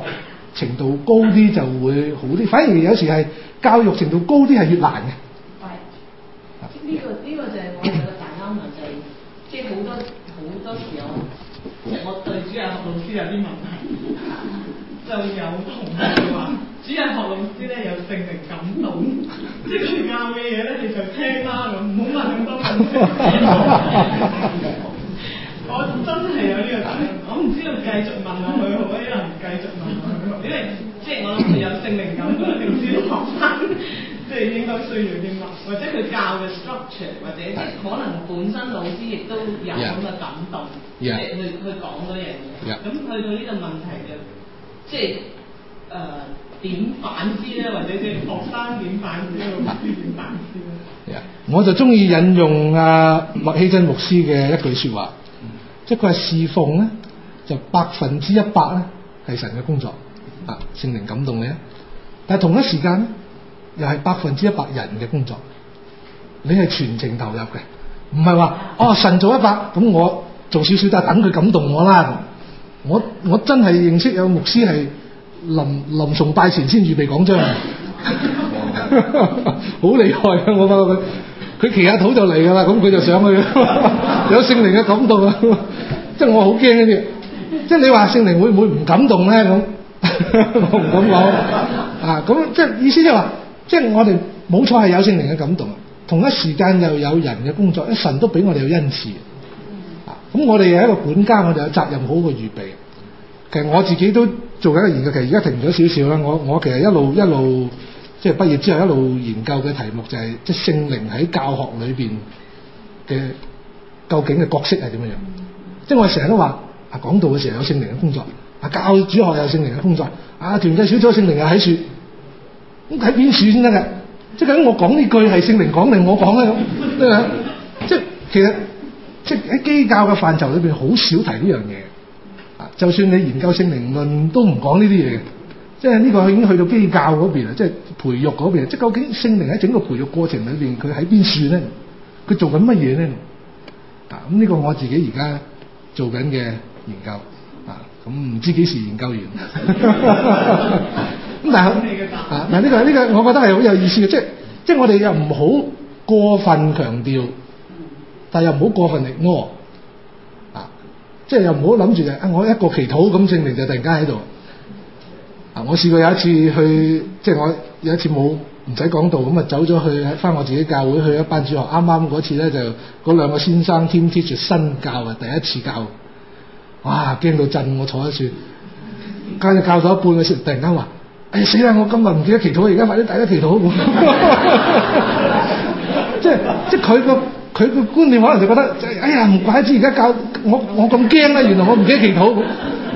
程度高啲就會好啲，反而有時係教育程度高啲係越難嘅、嗯嗯這個。係，呢個呢個就係我哋嘅大啱啦，就係即好多好多時候，其實我對主日學老師有啲問題，就有同事話主日學老師咧有聖靈感動，即係佢拗嘅嘢咧其實就聽啦，咁唔好問咁多。哈哈。我真係有呢個感，我唔知道繼續問下佢好啊，因唔繼續問， 因為即係我諗佢有性靈感，點知學生即係應該需要啲乜，或者佢教嘅 structure，或者即係可能本身老師亦都有咁嘅感動，即係去去講嗰樣嘢。咁去到呢個問題嘅，即係誒點反思咧，或者啲學生點反思呢，老師點反思咧？我就中意引用阿、啊、麥希真牧師嘅一句説話。一個係侍奉咧，就百分之一百咧係神嘅工作，啊，聖靈感動你。但係同一時間咧，又係百分之一百人嘅工作，你係全程投入嘅，唔係話哦神做一百，咁我做少少，都係等佢感動我啦。我我真係認識有牧師係臨臨崇拜前先預備講章，好 厲 害啊！我發覺佢。佢騎下肚就嚟㗎啦，咁佢就上去，有聖靈嘅感動啊！即係我好驚嘅，即係你話聖靈會唔會唔感動咧？咁我唔敢講啊！咁即係意思即係話，即係我哋冇錯係有聖靈嘅感動，同一時間又有人嘅工作，神都俾我哋有恩賜啊！咁我哋係一個管家，我哋有責任好去預備。其實我自己都做緊一個研究，其實而家停咗少少啦。我我其實一路一路。即係畢業之後一路研究嘅題目就係，即係聖靈喺教學裏邊嘅究竟嘅角色係點樣？即係我成日都話，啊講道嘅時候有聖靈嘅工作，啊教主學有聖靈嘅工作，啊團契小組有聖靈又喺處，咁睇邊處先得嘅？即係等於我講呢句係聖靈講定我講咧咁？即 係、即係、其實即係喺基教嘅範疇裏邊好少提呢樣嘢，啊就算你研究聖靈論都唔講呢啲嘢嘅。即係呢個已經去到基教嗰邊，即係培育嗰邊，即係究竟聖靈喺整個培育過程裏面，佢喺邊處咧？佢做緊乜嘢咧？啊！咁呢個我自己而家做緊嘅研究啊！咁唔知幾時研究完。咁 但係嗱呢個呢、呢個、我覺得係好有意思嘅，即係即係我哋又唔好過分強調，但係又唔好過分力餓、哦、啊！即係又唔好諗住啊，我一個祈禱咁聖靈就突然間喺度。嗱，我試過有一次去，即係我有一次冇唔使講道咁啊，就走咗去返我自己教會去一班主學。啱啱嗰次咧就嗰兩個先生添貼住新教啊，第一次教，哇驚到震，我坐喺處，跟住教咗一半嘅時候，突然間話：哎死啦！我今日唔記得祈禱，而家快啲大家祈禱。 即係即係佢個佢個觀念，可能就覺得，哎呀唔怪之，而家教我我咁驚啦，原來我唔記得祈禱。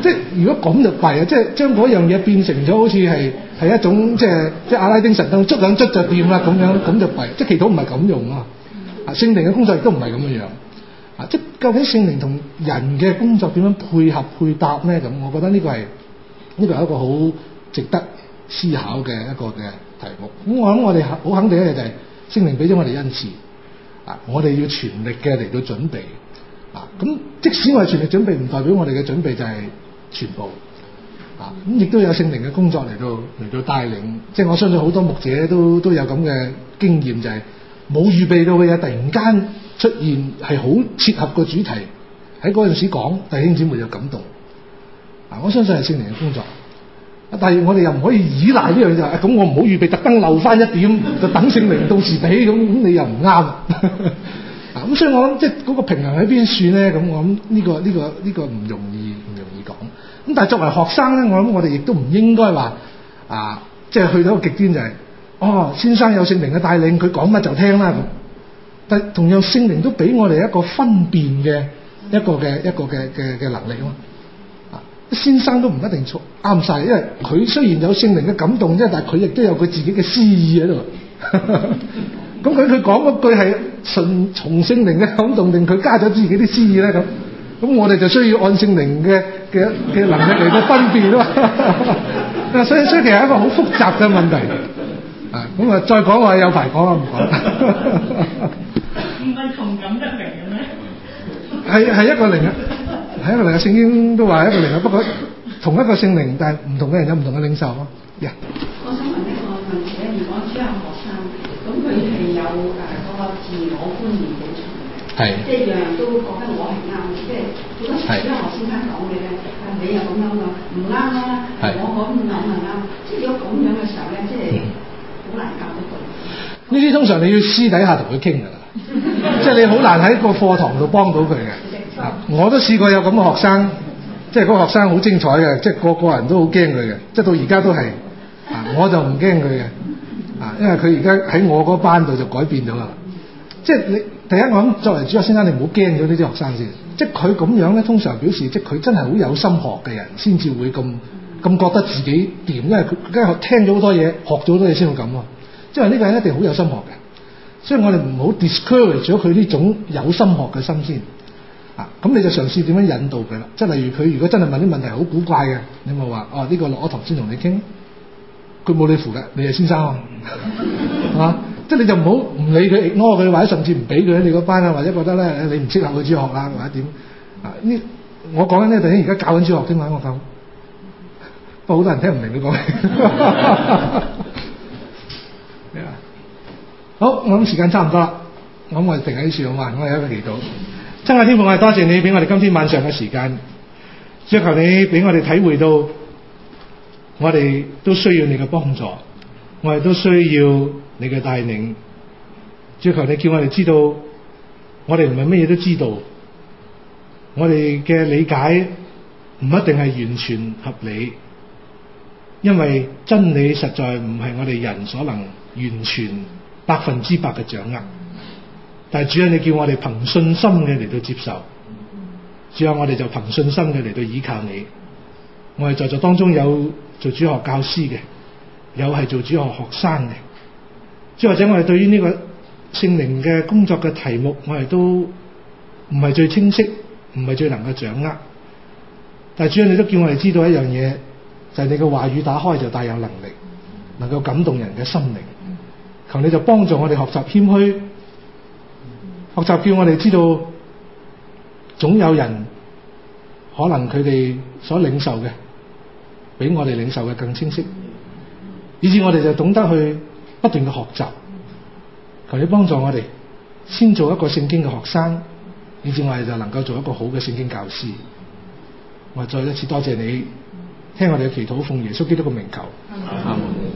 即係如果咁就弊啊！即係將嗰樣嘢變成咗好似係係一種即係即係阿拉丁神燈，捉兩捉就掂啦咁樣，咁就弊。即係祈禱唔係咁用啊！聖靈嘅工作亦都唔係咁嘅樣啊！即係究竟聖靈同人嘅工作點樣配合配搭呢？咁我覺得呢個係呢個係一個好值得思考嘅一個嘅題目。咁我諗我哋好肯定嘅就係聖靈俾咗我哋恩賜啊！我哋要全力嘅嚟到準備啊！咁即使我哋全力準備，唔代表我哋嘅準備就係。全部啊，咁亦都有聖靈嘅工作嚟到嚟到帶領，即係我相信好多牧者都都有咁嘅經驗就係、是、冇預備到嘅嘢突然間出現係好切合個主題，喺陣時候講弟兄姊妹有感動啊，我相信係聖靈嘅工作，啊，但係我哋又唔可以依賴呢樣就係咁，我唔好預備特登留翻一點就等聖靈到時俾，咁你又唔啱。啊，咁所以我諗即係個平衡喺邊算咧？咁我諗呢、這個呢、這個呢、這個唔容易。咁但係作為學生咧，我諗我哋亦都唔應該話啊，即係去到一個極端就係、是，哦，先生有聖靈嘅帶領，佢講乜就聽啦。但同樣聖靈都俾我哋一個分辨嘅一個嘅一個嘅嘅嘅能力啊。啊，先生都唔一定錯啱晒，因為佢雖然有聖靈嘅感動啫，但係佢亦都有佢自己嘅私意喺度。咁佢佢講嗰句係順從聖靈嘅感動，令佢加咗自己啲私意咧咁。呵呵咁我哋就需要按聖靈嘅嘅嘅能力嚟到分辨咯。所以所以其實係一個好複雜嘅問題。啊，咁啊，再講，話有排講啦，唔講。唔係同感一靈嘅咩？係，係一個靈啊，係一個靈嘅。聖經都話一個靈啊。不過同一個聖靈，但係唔同嘅人有唔同嘅領受咯。Yeah. 我想問呢個問題，咧，如果只有學生，咁佢係有誒嗰自我觀念係，即係人人都覺得我係啱嘅，即係好多時都係我先生講嘅咧。啊，你又咁樣㗎，唔啱啦。我講咁樣係啱。即係如果咁樣嘅時候咧，即係好難教得到。呢啲通常你要私底下同佢傾㗎啦，即 係你好難喺個課堂度幫到佢嘅。 我都試過有咁嘅學生，即係嗰個學生好精彩嘅，即係個個人都好驚佢嘅，即係到而家都係。啊，我就唔驚佢嘅，啊，因為佢而家喺我嗰班度就改變咗啦。即係你。第一，我諗作為主教先生，你唔好驚咗呢啲學生先。即係佢咁樣咧，通常表示即係佢真係好有心學嘅人，先至會咁咁覺得自己掂，因為佢佢梗係聽咗好多嘢，學咗好多嘢先會咁。即係呢個人一定好有心學嘅。所以我哋唔好 discourage 咗佢呢種有心學嘅心先。啊，咁你就嘗試點樣引導佢啦。即係例如佢如果真係問啲問題好古怪嘅，你咪話：哦，呢個落咗堂先同你傾。佢冇你符㗎，你係先生啊。 即係你就唔好唔理佢，拖佢，或者甚至唔俾佢你嗰班啊，或者覺得咧你唔適合佢主學啦，或者點啊？呢我講緊呢，突然而家教緊主學英文，我咁不過好多人聽唔明白你講。咩啊？好，我諗時間差唔多啦，咁我停喺呢處，我我有一個祈禱。真愛天父，我係多謝你俾我哋今天晚上嘅時間，要求你俾我哋體會到，我哋都需要你嘅幫助，我哋都需要。你嘅帶領，主求你叫我哋知道，我哋唔係乜嘢都知道，我哋嘅理解唔一定係完全合理，因為真理實在唔係我哋人所能完全百分之百嘅掌握。但係，主要你叫我哋憑信心嘅嚟到接受，主要我哋就憑信心嘅嚟到依靠你。我哋在座當中有做主學教師嘅，有係做主學學生嘅。即或者我哋對於呢個聖靈嘅工作嘅題目，我哋都唔係最清晰，唔係最能夠掌握。但係主要你都叫我哋知道一樣嘢，就係你嘅話語打開就大有能力，能夠感動人嘅心靈。求你就幫助我哋學習謙虛，學習叫我哋知道，總有人可能佢哋所領受嘅，比我哋領受嘅更清晰，以致我哋就懂得去。不斷嘅學習，求你幫助我哋，先做一個聖經嘅學生，以至我哋就能夠做一個好嘅聖經教師。我再一次多謝你，聽我哋嘅祈禱，奉耶穌基督嘅名求，Amen。